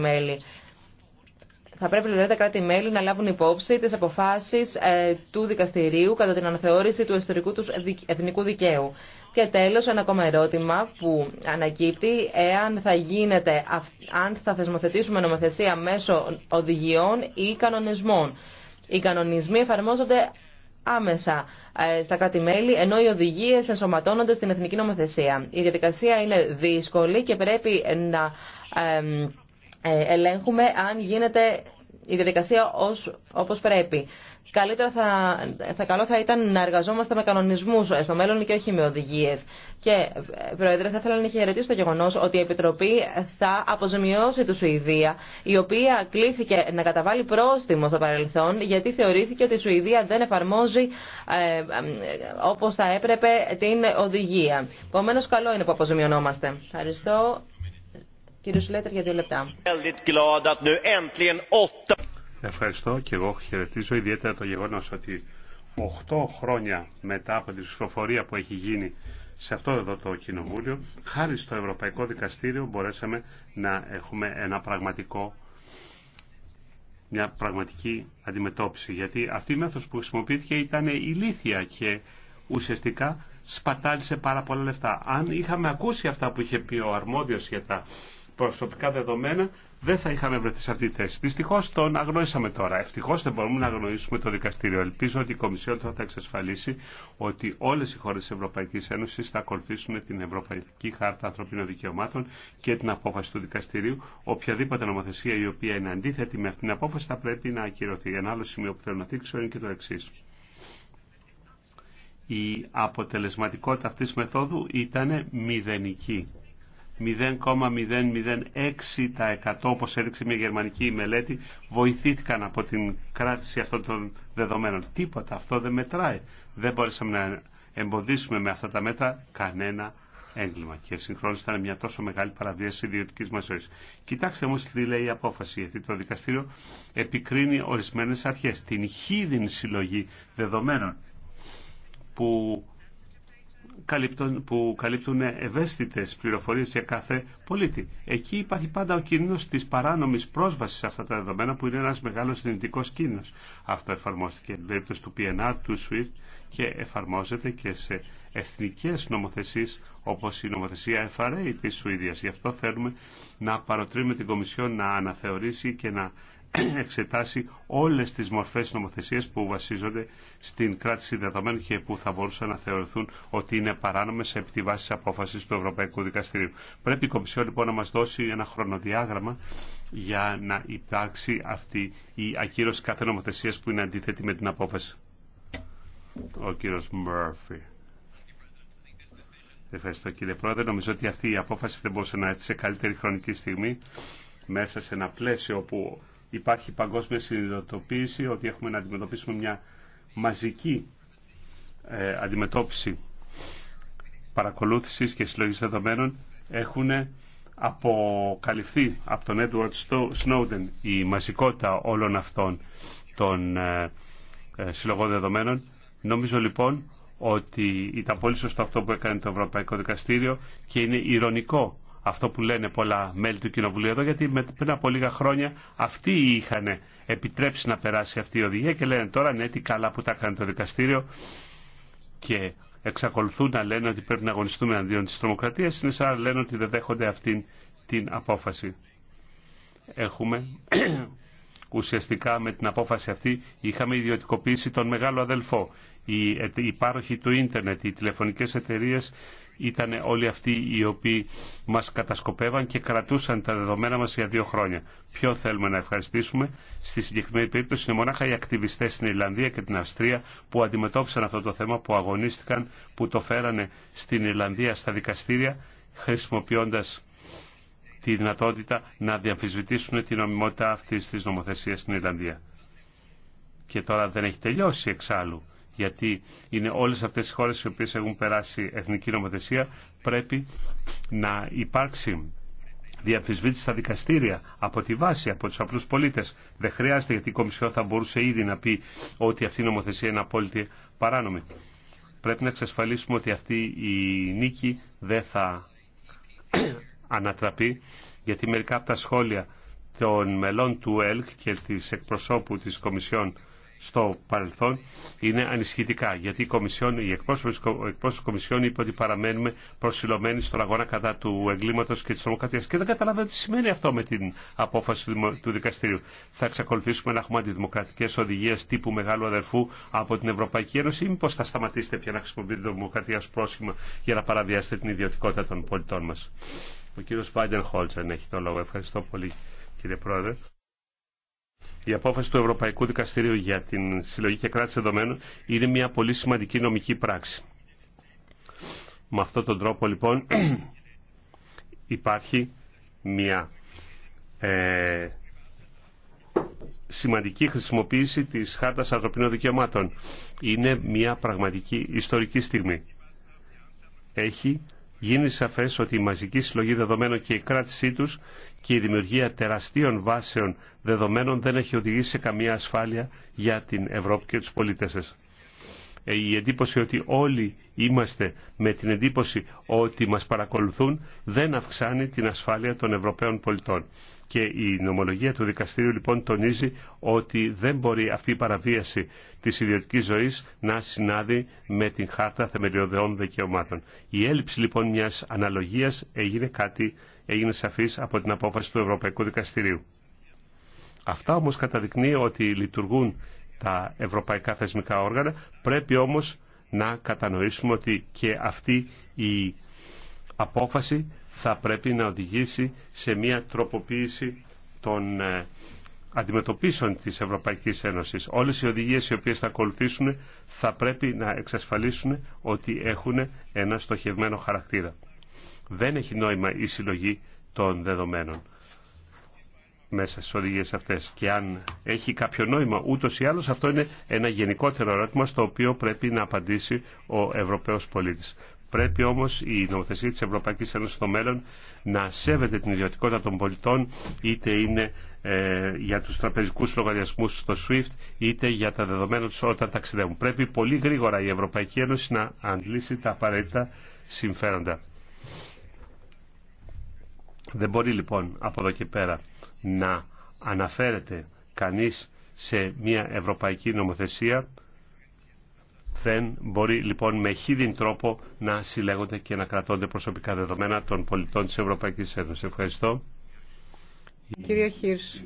θα πρέπει δηλαδή τα κράτη-μέλη να λάβουν υπόψη τις αποφάσεις ε, του δικαστηρίου κατά την αναθεώρηση του ιστορικού του εθνικού δικαίου. Και τέλο, ένα ακόμα ερώτημα που ανακύπτει εάν θα γίνεται, αν θα θεσμοθετήσουμε νομοθεσία μέσω οδηγιών ή κανονισμών. Οι κανονισμοί εφαρμόζονται άμεσα ε, στα κράτη-μέλη, ενώ οι οδηγίε ενσωματώνονται στην εθνική νομοθεσία. Η διαδικασία είναι δύσκολη και πρέπει να ε, ε, ελέγχουμε αν γίνεται η διαδικασία ως, όπως πρέπει. Καλύτερα θα, θα καλό θα ήταν να εργαζόμαστε με κανονισμού ε, στο μέλλον και όχι με οδηγίε. Και, ε, Πρόεδρε, θα ήθελα να χαιρετήσω το γεγονό ότι η Επιτροπή θα αποζημιώσει τη Σουηδία, η οποία κλήθηκε να καταβάλει πρόστιμο στο παρελθόν, γιατί θεωρήθηκε ότι η Σουηδία δεν εφαρμόζει ε, όπως θα έπρεπε την οδηγία. Επομένω, καλό είναι που αποζημιωνόμαστε. Ευχαριστώ. Κύριε Σουλέτερ για δύο λεπτά. Ευχαριστώ και εγώ χαιρετίζω ιδιαίτερα το γεγονό ότι 8 χρόνια μετά από την ψηφοφορία που έχει γίνει σε αυτό εδώ το κοινοβούλιο, χάρη στο Ευρωπαϊκό Δικαστήριο μπορέσαμε να έχουμε ένα πραγματικό μια πραγματική αντιμετώπιση. Γιατί αυτή η μέθοδος που χρησιμοποιήθηκε ήταν ηλίθια και ουσιαστικά σπατάλησε πάρα πολλά λεφτά. Αν είχαμε ακούσει αυτά που είχε πει ο αρμόδιος για τα προσωπικά δεδομένα, δεν θα είχαμε βρεθεί σε αυτή τη θέση. Δυστυχώ τον αγνοήσαμε τώρα. Ευτυχώ δεν μπορούμε να αγνοήσουμε το δικαστήριο. Ελπίζω ότι η Κομισιόν θα εξασφαλίσει ότι όλε οι χώρε τη Ευρωπαϊκή Ένωση θα ακολουθήσουν την Ευρωπαϊκή Χάρτα Ανθρωπίνων Δικαιωμάτων και την απόφαση του δικαστηρίου. Οποιαδήποτε νομοθεσία η οποία είναι αντίθετη με αυτήν την απόφαση θα πρέπει να ακυρωθεί. Ένα άλλο σημείο που θέλω να δείξω είναι και το εξή. Η αποτελεσματικότητα αυτής μεθόδου ήταν μηδενική. 0,006% όπως έδειξε μια γερμανική μελέτη βοηθήθηκαν από την κράτηση αυτών των δεδομένων. Τίποτα, αυτό δεν μετράει. Δεν μπορέσαμε να εμποδίσουμε με αυτά τα μέτρα κανένα έγκλημα και συγχρόνως ήταν μια τόσο μεγάλη παραβίαση ιδιωτική μα ζωή. Κοιτάξτε όμω τι λέει η απόφαση, γιατί το δικαστήριο επικρίνει ορισμένε αρχέ. Την χίδινη συλλογή δεδομένων που που καλύπτουν ευαίσθητες πληροφορίες για κάθε πολίτη. Εκεί υπάρχει πάντα ο κίνδυνος της παράνομης πρόσβασης σε αυτά τα δεδομένα που είναι ένας μεγάλος δυνητικός κίνδυνος. Αυτό εφαρμόστηκε στην περίπτωση του PNR, του SWIFT και εφαρμόζεται και σε εθνικές νομοθεσίες όπως η νομοθεσία FRA της Σουηδίας. Γι' αυτό θέλουμε να παροτρύνουμε την Κομισιόν να αναθεωρήσει και να εξετάσει όλες τις μορφές νομοθεσίες που βασίζονται στην κράτηση δεδομένων και που θα μπορούσαν να θεωρηθούν ότι είναι παράνομες επί τη βάση απόφασης του Ευρωπαϊκού Δικαστηρίου. Πρέπει η Κομισιόν λοιπόν να μας δώσει ένα χρονοδιάγραμμα για να υπάρξει αυτή η ακύρωση κάθε νομοθεσίας που είναι αντίθετη με την απόφαση. Ο κύριος Μέρφυ. Ευχαριστώ κύριε Πρόεδρε. Νομίζω ότι αυτή η απόφαση δεν μπορούσε να έρθει σε καλύτερη χρονική στιγμή μέσα σε ένα πλαίσιο που υπάρχει παγκόσμια συνειδητοποίηση ότι έχουμε να αντιμετωπίσουμε μια μαζική ε, αντιμετώπιση παρακολούθησης και συλλογής δεδομένων έχουν αποκαλυφθεί από τον Edward Snowden η μαζικότητα όλων αυτών των ε, ε, συλλογών δεδομένων. Νομίζω λοιπόν ότι ήταν πολύ σωστό αυτό που έκανε το Ευρωπαϊκό Δικαστήριο και είναι ηρωνικό αυτό που λένε πολλά μέλη του Κοινοβουλίου εδώ, γιατί πριν από λίγα χρόνια αυτοί είχαν επιτρέψει να περάσει αυτή η οδηγία και λένε τώρα ναι, τι καλά που τα έκανε το δικαστήριο και εξακολουθούν να λένε ότι πρέπει να αγωνιστούμε αντίον της τρομοκρατίας, είναι σαν να λένε ότι δεν δέχονται αυτή την απόφαση. Έχουμε ουσιαστικά με την απόφαση αυτή είχαμε ιδιωτικοποιήσει τον μεγάλο αδελφό. Οι, ε, οι πάροχοι του ίντερνετ, οι τηλεφωνικές εταιρείες ήταν όλοι αυτοί οι οποίοι μας κατασκοπεύαν και κρατούσαν τα δεδομένα μας για δύο χρόνια. Ποιο θέλουμε να ευχαριστήσουμε. Στη συγκεκριμένη περίπτωση είναι μονάχα οι ακτιβιστές στην Ιρλανδία και την Αυστρία που αντιμετώπισαν αυτό το θέμα, που αγωνίστηκαν, που το φέρανε στην Ιρλανδία στα δικαστήρια χρησιμοποιώντας τη δυνατότητα να διαμφισβητήσουν την νομιμότητα αυτής της νομοθεσίας στην Ιρλανδία. Και τώρα δεν έχει τελειώσει εξάλλου γιατί είναι όλες αυτές οι χώρες οι οποίες έχουν περάσει εθνική νομοθεσία πρέπει να υπάρξει διαφυσβήτηση στα δικαστήρια από τη βάση, από τους απλούς πολίτες. Δεν χρειάζεται γιατί η Κομισιό θα μπορούσε ήδη να πει ότι αυτή η νομοθεσία είναι απόλυτη παράνομη. Πρέπει να εξασφαλίσουμε ότι αυτή η νίκη δεν θα ανατραπεί γιατί μερικά από τα σχόλια των μελών του ΕΛΚ και της εκπροσώπου της Κομισιόν στο παρελθόν είναι ανισχυτικά. Γιατί η, Κομισιόν, η εκπρόσωπος, Κομισιόν είπε ότι παραμένουμε προσιλωμένοι στον αγώνα κατά του εγκλήματος και τη νομοκρατία. Και δεν καταλαβαίνω τι σημαίνει αυτό με την απόφαση του δικαστηρίου. Θα εξακολουθήσουμε να έχουμε αντιδημοκρατικέ οδηγίε τύπου μεγάλου αδερφού από την Ευρωπαϊκή Ένωση ή μήπως θα σταματήσετε πια να χρησιμοποιείτε τη δημοκρατία ω πρόσχημα για να παραβιάσετε την ιδιωτικότητα των πολιτών μα. Ο κύριο Βάιντεν Χόλτσεν έχει το λόγο. Ευχαριστώ πολύ κύριε Πρόεδρε. Η απόφαση του Ευρωπαϊκού Δικαστηρίου για την συλλογή και κράτηση δεδομένων είναι μια πολύ σημαντική νομική πράξη. Με αυτόν τον τρόπο λοιπόν υπάρχει μια ε, σημαντική χρησιμοποίηση της Χάρτας Ανθρωπινών Δικαιωμάτων. Είναι μια πραγματική ιστορική στιγμή. Έχει γίνει σαφές ότι η μαζική συλλογή δεδομένων και η κράτησή τους και η δημιουργία τεραστίων βάσεων δεδομένων δεν έχει οδηγήσει σε καμία ασφάλεια για την Ευρώπη και τους πολίτες της. Ε, η εντύπωση ότι όλοι είμαστε με την εντύπωση ότι μας παρακολουθούν δεν αυξάνει την ασφάλεια των Ευρωπαίων πολιτών. Και η νομολογία του δικαστήριου λοιπόν τονίζει ότι δεν μπορεί αυτή η παραβίαση της ιδιωτικής ζωής να συνάδει με την χάρτα θεμελιωδεών δικαιωμάτων. Η έλλειψη λοιπόν μιας αναλογίας έγινε κάτι έγινε σαφής από την απόφαση του Ευρωπαϊκού Δικαστηρίου. Αυτά όμως καταδεικνύει ότι λειτουργούν τα ευρωπαϊκά θεσμικά όργανα. Πρέπει όμως να κατανοήσουμε ότι και αυτή η απόφαση θα πρέπει να οδηγήσει σε μια τροποποίηση των ε, αντιμετωπίσεων της Ευρωπαϊκής Ένωσης. Όλες οι οδηγίες οι οποίες θα ακολουθήσουν θα πρέπει να εξασφαλίσουν ότι έχουν ένα στοχευμένο χαρακτήρα δεν έχει νόημα η συλλογή των δεδομένων μέσα στι οδηγίε αυτέ. Και αν έχει κάποιο νόημα ούτω ή άλλω, αυτό είναι ένα γενικότερο ερώτημα στο οποίο πρέπει να απαντήσει ο Ευρωπαίο πολίτη. Πρέπει όμω η νομοθεσία τη Ευρωπαϊκή Ένωση στο μέλλον να σέβεται την ιδιωτικότητα των πολιτών, είτε είναι ε, για του τραπεζικού λογαριασμού στο SWIFT, είτε για τα δεδομένα του όταν ταξιδεύουν. Πρέπει πολύ γρήγορα η Ευρωπαϊκή Ένωση να αντλήσει τα απαραίτητα συμφέροντα. Δεν μπορεί λοιπόν από εδώ και πέρα να αναφέρεται κανείς σε μια ευρωπαϊκή νομοθεσία δεν μπορεί λοιπόν με χίδιν τρόπο να συλλέγονται και να κρατώνται προσωπικά δεδομένα των πολιτών της Ευρωπαϊκής Ένωσης. Ευχαριστώ. Κύριε Χίρς.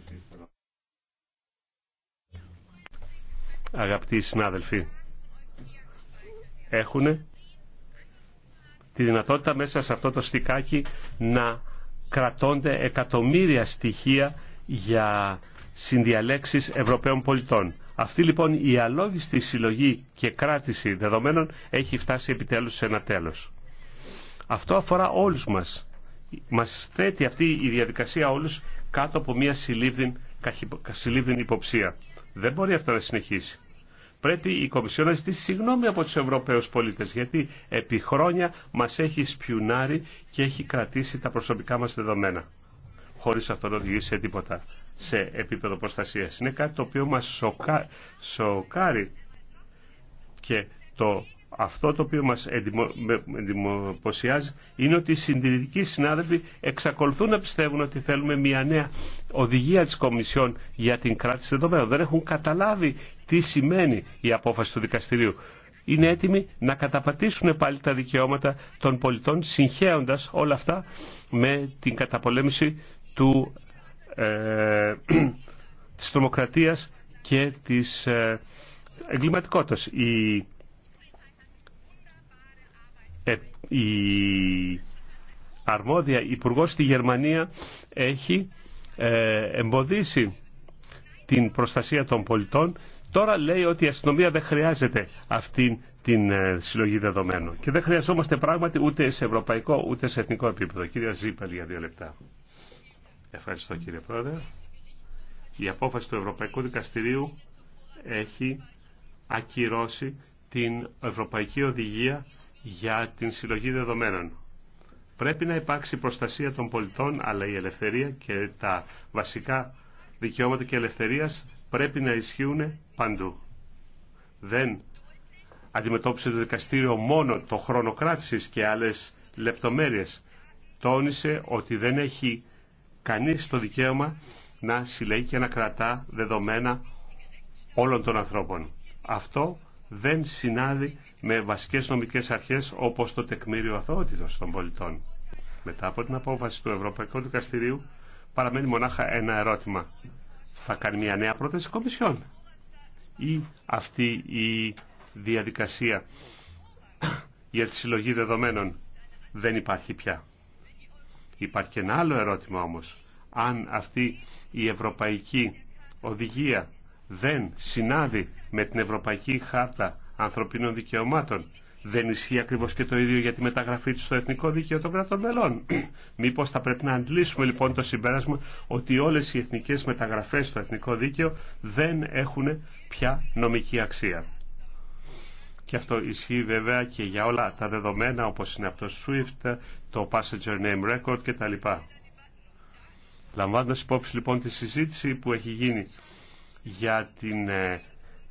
Αγαπητοί συνάδελφοι, έχουν τη δυνατότητα μέσα σε αυτό το στικάκι να κρατώνται εκατομμύρια στοιχεία για συνδιαλέξεις Ευρωπαίων πολιτών. Αυτή λοιπόν η αλόγιστη συλλογή και κράτηση δεδομένων έχει φτάσει επιτέλους σε ένα τέλος. Αυτό αφορά όλους μας. Μας θέτει αυτή η διαδικασία όλους κάτω από μια συλλήβδην υποψία. Δεν μπορεί αυτό να συνεχίσει πρέπει η Κομισιόν να ζητήσει συγγνώμη από τους Ευρωπαίους πολίτες γιατί επί χρόνια μας έχει σπιουνάρει και έχει κρατήσει τα προσωπικά μας δεδομένα χωρίς αυτό να οδηγήσει σε τίποτα σε επίπεδο προστασίας. Είναι κάτι το οποίο μας σοκα... σοκάρει και το αυτό το οποίο μας εντυπωσιάζει είναι ότι οι συντηρητικοί συνάδελφοι εξακολουθούν να πιστεύουν ότι θέλουμε μια νέα οδηγία της Κομισιόν για την κράτηση δεδομένων. Δεν έχουν καταλάβει τι σημαίνει η απόφαση του δικαστηρίου. Είναι έτοιμοι να καταπατήσουν πάλι τα δικαιώματα των πολιτών συγχέοντας όλα αυτά με την καταπολέμηση του, ε, της τρομοκρατίας και της ε, εγκληματικότητας. Η η αρμόδια υπουργό στη Γερμανία έχει ε, εμποδίσει την προστασία των πολιτών. Τώρα λέει ότι η αστυνομία δεν χρειάζεται αυτή την ε, συλλογή δεδομένων. Και δεν χρειαζόμαστε πράγματι ούτε σε ευρωπαϊκό ούτε σε εθνικό επίπεδο. Κυρία Ζήπελ για δύο λεπτά. Ευχαριστώ κύριε Πρόεδρε. Η απόφαση του Ευρωπαϊκού Δικαστηρίου έχει ακυρώσει την Ευρωπαϊκή Οδηγία για την συλλογή δεδομένων. Πρέπει να υπάρξει προστασία των πολιτών, αλλά η ελευθερία και τα βασικά δικαιώματα και ελευθερίας πρέπει να ισχύουν παντού. Δεν αντιμετώπισε το δικαστήριο μόνο το χρόνο και άλλες λεπτομέρειες. Τόνισε ότι δεν έχει κανείς το δικαίωμα να συλλέγει και να κρατά δεδομένα όλων των ανθρώπων. Αυτό δεν συνάδει με βασικές νομικές αρχές όπως το τεκμήριο αθωότητος των πολιτών. Μετά από την απόφαση του Ευρωπαϊκού Δικαστηρίου παραμένει μονάχα ένα ερώτημα. Θα κάνει μια νέα πρόταση κομισιόν ή αυτή η διαδικασία για τη συλλογή δεδομένων δεν υπάρχει πια. Υπάρχει και ένα άλλο ερώτημα όμως. Αν αυτή η ευρωπαϊκή οδηγία δεν συνάδει με την Ευρωπαϊκή Χάρτα Ανθρωπίνων Δικαιωμάτων, δεν ισχύει ακριβώ και το ίδιο για τη μεταγραφή του στο εθνικό δίκαιο των κρατών μελών. Μήπω θα πρέπει να αντλήσουμε λοιπόν το συμπέρασμα ότι όλε οι εθνικέ μεταγραφέ στο εθνικό δίκαιο δεν έχουν πια νομική αξία. Και αυτό ισχύει βέβαια και για όλα τα δεδομένα όπω είναι από το SWIFT, το Passenger Name Record κτλ. Λαμβάνοντα υπόψη λοιπόν τη συζήτηση που έχει γίνει για την ε,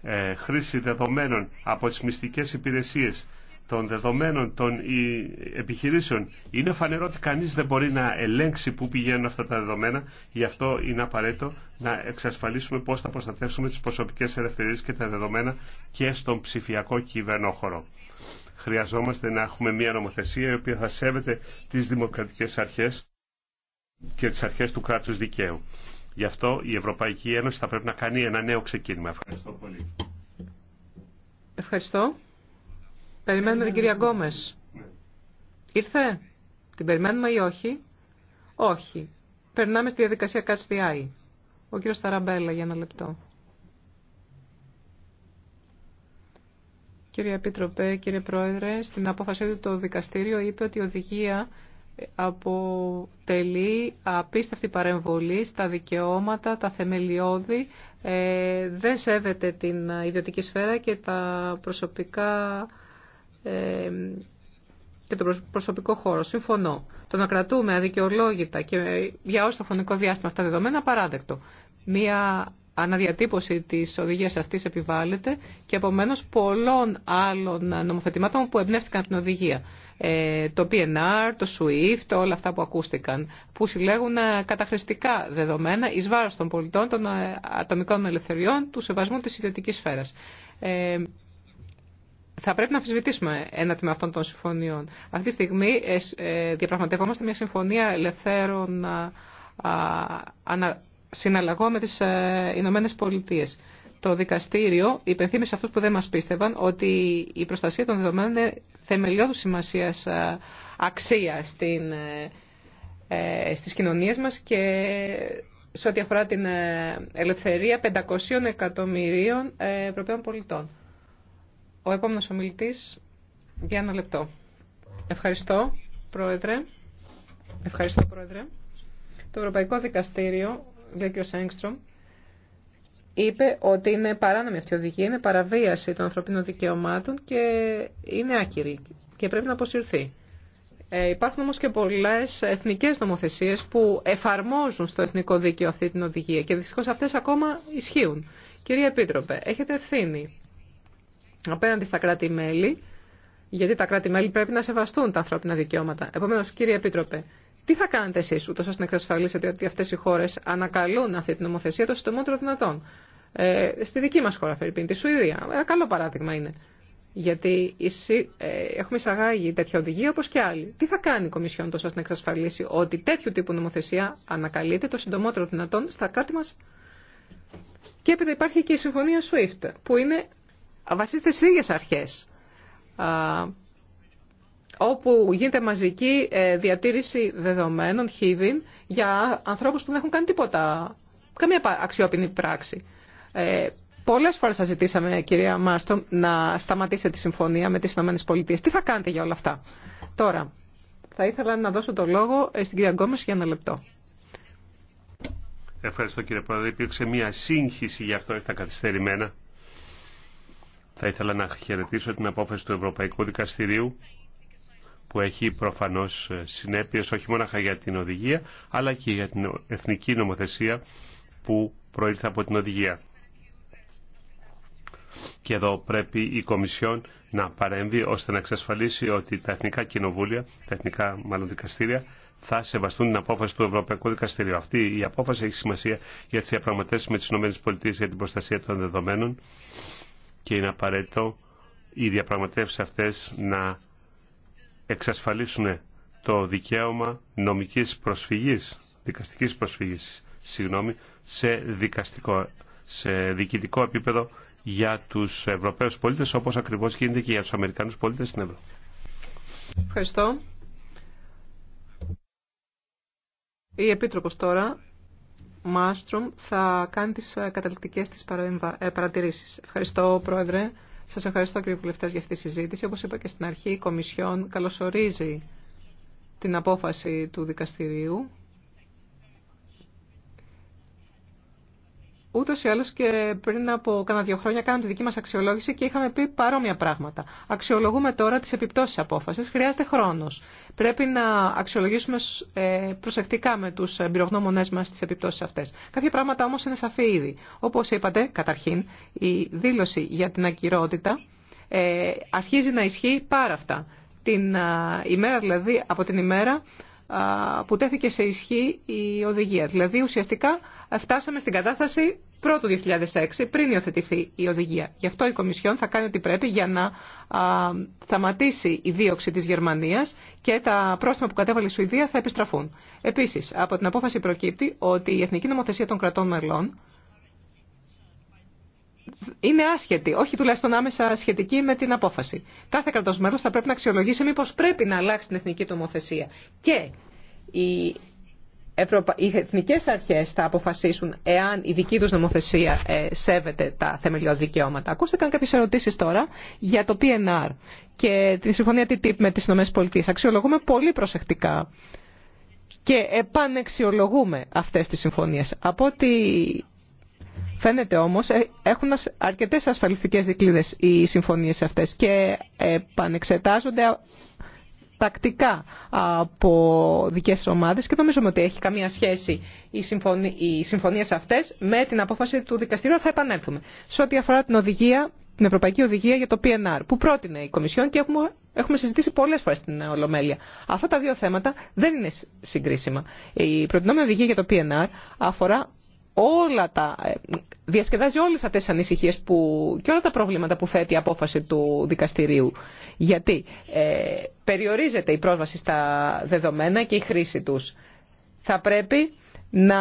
ε, χρήση δεδομένων από τις μυστικές υπηρεσίες των δεδομένων των ε, επιχειρήσεων είναι φανερό ότι κανείς δεν μπορεί να ελέγξει πού πηγαίνουν αυτά τα δεδομένα γι' αυτό είναι απαραίτητο να εξασφαλίσουμε πώς θα προστατεύσουμε τις προσωπικές ελευθερίες και τα δεδομένα και στον ψηφιακό κυβερνόχωρο. Χρειαζόμαστε να έχουμε μια νομοθεσία η οποία θα σέβεται τις δημοκρατικές αρχές και τις αρχές του κράτους δικαίου. Γι' αυτό η Ευρωπαϊκή Ένωση θα πρέπει να κάνει ένα νέο ξεκίνημα. Ευχαριστώ πολύ. Ευχαριστώ. Περιμένουμε την κυρία Γκόμες. Ήρθε. Την περιμένουμε ή όχι. Όχι. Περνάμε στη διαδικασία Catch the Eye. Ο κύριο Ταραμπέλα για ένα λεπτό. Κύριε Επίτροπε, κύριε Πρόεδρε, στην απόφασή του το δικαστήριο είπε ότι η οδηγία αποτελεί απίστευτη παρεμβολή στα δικαιώματα, τα θεμελιώδη, ε, δεν σέβεται την ιδιωτική σφαίρα και τα προσωπικά ε, προσωπικό χώρο. Συμφωνώ. Το να κρατούμε αδικαιολόγητα και για όσο χρονικό διάστημα αυτά τα δεδομένα παράδεκτο. Μία αναδιατύπωση της οδηγίας αυτής επιβάλλεται και επομένως πολλών άλλων νομοθετημάτων που εμπνεύστηκαν την οδηγία. Ε, το PNR, το SWIFT, όλα αυτά που ακούστηκαν, που συλλέγουν ε, καταχρηστικά δεδομένα εις βάρος των πολιτών, των ε, ατομικών ελευθεριών, του σεβασμού της ιδιωτικής σφαίρας. θα πρέπει να αμφισβητήσουμε ένα τμήμα αυτών των συμφωνιών. Αυτή τη στιγμή διαπραγματευόμαστε μια συμφωνία ελευθέρων συναλλαγών με τις Ηνωμένε Πολιτείες το δικαστήριο υπενθύμησε αυτούς που δεν μας πίστευαν ότι η προστασία των δεδομένων είναι θεμελιώδου σημασίας αξία στην, ε, ε, στις κοινωνίες μας και σε ό,τι αφορά την ε, ελευθερία 500 εκατομμυρίων Ευρωπαίων πολιτών. Ο επόμενος ομιλητής για ένα λεπτό. Ευχαριστώ, Πρόεδρε. Ευχαριστώ, Πρόεδρε. Το Ευρωπαϊκό Δικαστήριο, λέει ο Σέγγστρομ, είπε ότι είναι παράνομη αυτή η οδηγία, είναι παραβίαση των ανθρωπίνων δικαιωμάτων και είναι άκυρη και πρέπει να αποσυρθεί. Ε, υπάρχουν όμως και πολλές εθνικές νομοθεσίες που εφαρμόζουν στο εθνικό δίκαιο αυτή την οδηγία και δυστυχώς αυτές ακόμα ισχύουν. Κυρία Επίτροπε, έχετε ευθύνη απέναντι στα κράτη-μέλη, γιατί τα κράτη-μέλη πρέπει να σεβαστούν τα ανθρώπινα δικαιώματα. Επομένως, κύριε Επίτροπε, τι θα κάνετε εσεί, ούτω ώστε να εξασφαλίσετε ότι αυτέ οι χώρε ανακαλούν αυτή την νομοθεσία το συντομότερο δυνατόν. Ε, στη δική μα χώρα, Φερρυπίν, τη Σουηδία. Ένα ε, καλό παράδειγμα είναι. Γιατί ε, έχουμε εισαγάγει τέτοια οδηγία όπω και άλλοι. Τι θα κάνει η Κομισιόν τόσο ώστε να εξασφαλίσει ότι τέτοιου τύπου νομοθεσία ανακαλείται το συντομότερο δυνατόν στα κράτη μα. Και έπειτα υπάρχει και η συμφωνία SWIFT, που είναι βασίζεται στι ίδιε αρχέ όπου γίνεται μαζική ε, διατήρηση δεδομένων, χίδιν, για ανθρώπους που δεν έχουν κάνει τίποτα, καμία αξιόπινη πράξη. Ε, πολλές φορές σας ζητήσαμε, κυρία Μάστον, να σταματήσετε τη συμφωνία με τις ΗΠΑ. Τι θα κάνετε για όλα αυτά. Τώρα, θα ήθελα να δώσω το λόγο ε, στην κυρία Γκόμες για ένα λεπτό. Ευχαριστώ κύριε Πρόεδρε. Υπήρξε μια σύγχυση γι' αυτό ήρθα καθυστερημένα. Θα ήθελα να χαιρετήσω την απόφαση του Ευρωπαϊκού Δικαστηρίου που έχει προφανώς ε, συνέπειες όχι μόνο για την οδηγία αλλά και για την εθνική νομοθεσία που προήλθε από την οδηγία. Και εδώ πρέπει η Κομισιόν να παρέμβει ώστε να εξασφαλίσει ότι τα εθνικά κοινοβούλια, τα εθνικά μάλλον δικαστήρια, θα σεβαστούν την απόφαση του Ευρωπαϊκού Δικαστηρίου. Αυτή η απόφαση έχει σημασία για τι διαπραγματεύσει με τι ΗΠΑ για την προστασία των δεδομένων και είναι απαραίτητο οι διαπραγματεύσει αυτέ να εξασφαλίσουν το δικαίωμα νομικής προσφυγής, δικαστικής προσφυγής, συγγνώμη, σε, δικαστικό, σε διοικητικό επίπεδο για τους Ευρωπαίους πολίτες, όπως ακριβώς γίνεται και για τους Αμερικανούς πολίτες στην Ευρώπη. Ευχαριστώ. Η Επίτροπος τώρα, Μάστρομ, θα κάνει τις ε, καταληκτικές της ε, παρατηρήσεις. Ευχαριστώ, Πρόεδρε. Σας ευχαριστώ κύριε Βουλευτέ για αυτή τη συζήτηση. Όπως είπα και στην αρχή, η Κομισιόν καλωσορίζει την απόφαση του δικαστηρίου Ούτω ή άλλω και πριν από κάνα δύο χρόνια κάναμε τη δική μα αξιολόγηση και είχαμε πει παρόμοια πράγματα. Αξιολογούμε τώρα τι επιπτώσει απόφαση. Χρειάζεται χρόνο. Πρέπει να αξιολογήσουμε ε, προσεκτικά με του εμπειρογνώμονέ μα τι επιπτώσει αυτέ. Κάποια πράγματα όμω είναι σαφή ήδη. Όπω είπατε, καταρχήν, η δήλωση για την ακυρότητα ε, αρχίζει να ισχύει πάρα αυτά. Την ε, ημέρα δηλαδή, από την ημέρα που τέθηκε σε ισχύ η οδηγία. Δηλαδή ουσιαστικά φτάσαμε στην κατάσταση πρώτου 2006 πριν υιοθετηθεί η οδηγία. Γι' αυτό η Κομισιόν θα κάνει ό,τι πρέπει για να σταματήσει η δίωξη της Γερμανίας και τα πρόστιμα που κατέβαλε η Σουηδία θα επιστραφούν. Επίσης, από την απόφαση προκύπτει ότι η Εθνική Νομοθεσία των Κρατών Μελών είναι άσχετη, όχι τουλάχιστον άμεσα σχετική με την απόφαση. Κάθε κρατό μέλο θα πρέπει να αξιολογήσει μήπω πρέπει να αλλάξει την εθνική νομοθεσία. Και οι, Ευρωπα... οι εθνικέ αρχέ θα αποφασίσουν εάν η δική του νομοθεσία ε, σέβεται τα θεμελιώδη δικαιώματα. Ακούστηκαν κάποιε ερωτήσει τώρα για το PNR και τη συμφωνία TTIP με τι ΗΠΑ. Αξιολογούμε πολύ προσεκτικά και επανεξιολογούμε αυτές τις συμφωνίες. Από ό,τι Φαίνεται όμως ε, έχουν αρκετές ασφαλιστικές δικλείδες οι συμφωνίες αυτές και επανεξετάζονται τακτικά από δικές ομάδες και νομίζουμε ότι έχει καμία σχέση οι, συμφωνίε οι συμφωνίες αυτές με την απόφαση του δικαστηρίου θα επανέλθουμε. Σε ό,τι αφορά την οδηγία, την Ευρωπαϊκή Οδηγία για το PNR που πρότεινε η Κομισιόν και έχουμε, έχουμε συζητήσει πολλές φορές στην Ολομέλεια. Αυτά τα δύο θέματα δεν είναι συγκρίσιμα. Η προτινόμενη οδηγία για το PNR αφορά όλα τα, ε, διασκεδάζει όλες αυτές τις ανησυχίες και όλα τα προβλήματα που θέτει η απόφαση του δικαστηρίου. Γιατί ε, περιορίζεται η πρόσβαση στα δεδομένα και η χρήση τους. Θα πρέπει να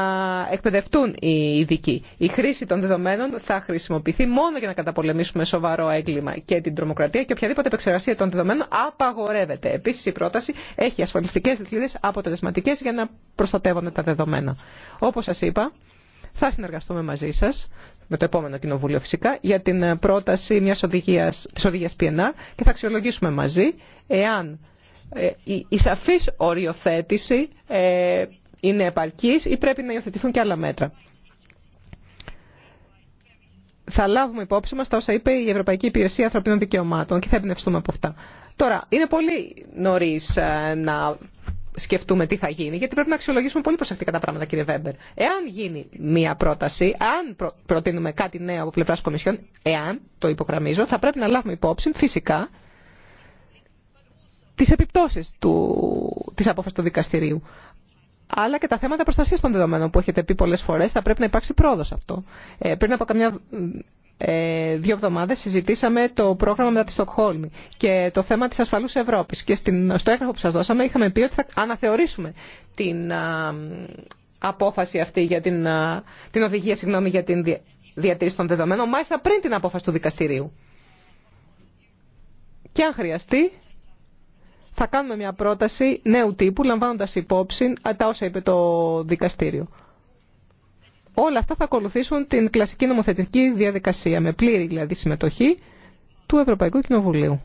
εκπαιδευτούν οι ειδικοί. Η χρήση των δεδομένων θα χρησιμοποιηθεί μόνο για να καταπολεμήσουμε σοβαρό έγκλημα και την τρομοκρατία και οποιαδήποτε επεξεργασία των δεδομένων απαγορεύεται. Επίση, η πρόταση έχει ασφαλιστικέ δικλείδε αποτελεσματικέ για να προστατεύονται τα δεδομένα. Όπω σα είπα, θα συνεργαστούμε μαζί σας, με το επόμενο κοινοβούλιο φυσικά, για την ε, πρόταση μιας οδηγία, της οδηγίας PNR και θα αξιολογήσουμε μαζί εάν ε, η σαφή οριοθέτηση ε, είναι επαρκή οριοθέτηση είναι υπόψη μα όσου θα είπε ή πρέπει να υιοθετηθούν και άλλα μέτρα. Θα λάβουμε υπόψη μας τα όσα είπε η Ευρωπαϊκή Υπηρεσία Ανθρωπίνων Δικαιωμάτων και θα εμπνευστούμε από αυτά. Τώρα, είναι πολύ νωρίς να σκεφτούμε τι θα γίνει, γιατί πρέπει να αξιολογήσουμε πολύ προσεκτικά τα πράγματα, κύριε Βέμπερ. Εάν γίνει μία πρόταση, αν προτείνουμε κάτι νέο από πλευρά Κομισιόν, εάν το υπογραμμίζω, θα πρέπει να λάβουμε υπόψη φυσικά τι επιπτώσει τη απόφαση του δικαστηρίου. Αλλά και τα θέματα προστασία των δεδομένων που έχετε πει πολλέ φορέ, θα πρέπει να υπάρξει πρόοδο αυτό. Ε, πριν από καμιά ε, δύο εβδομάδες συζητήσαμε το πρόγραμμα μετά τη Στοκχόλμη και το θέμα της ασφαλού Ευρώπης. Και στην, στο έγγραφο που σα δώσαμε είχαμε πει ότι θα αναθεωρήσουμε την απόφαση αυτή για την, την οδηγία συγγνώμη, για την διατήρηση των δεδομένων, μάλιστα πριν την απόφαση του δικαστηρίου. Και αν χρειαστεί, θα κάνουμε μια πρόταση νέου τύπου, λαμβάνοντα υπόψη τα όσα είπε το δικαστήριο. Όλα αυτά θα ακολουθήσουν την κλασική νομοθετική διαδικασία, με πλήρη δηλαδή συμμετοχή του Ευρωπαϊκού Κοινοβουλίου.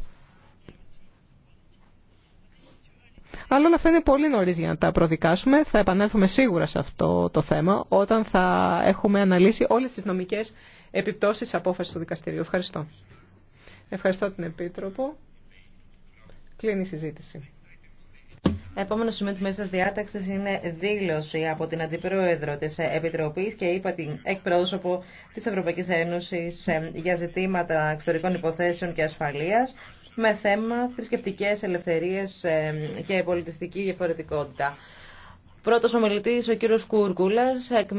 Αλλά όλα αυτά είναι πολύ νωρίς για να τα προδικάσουμε. Θα επανέλθουμε σίγουρα σε αυτό το θέμα όταν θα έχουμε αναλύσει όλες τις νομικές επιπτώσεις της απόφασης του δικαστηρίου. Ευχαριστώ. Ευχαριστώ την Επίτροπο. Κλείνει η συζήτηση. Επόμενο σημείο τη μέσα διάταξη είναι δήλωση από την Αντιπρόεδρο τη Επιτροπή και είπα την εκπρόσωπο τη Ευρωπαϊκή Ένωση ε, για ζητήματα εξωτερικών υποθέσεων και ασφαλεία με θέμα θρησκευτικέ ελευθερίε ε, και πολιτιστική διαφορετικότητα. Πρώτο ομιλητή ο κύριο Κούρκουλα, εκ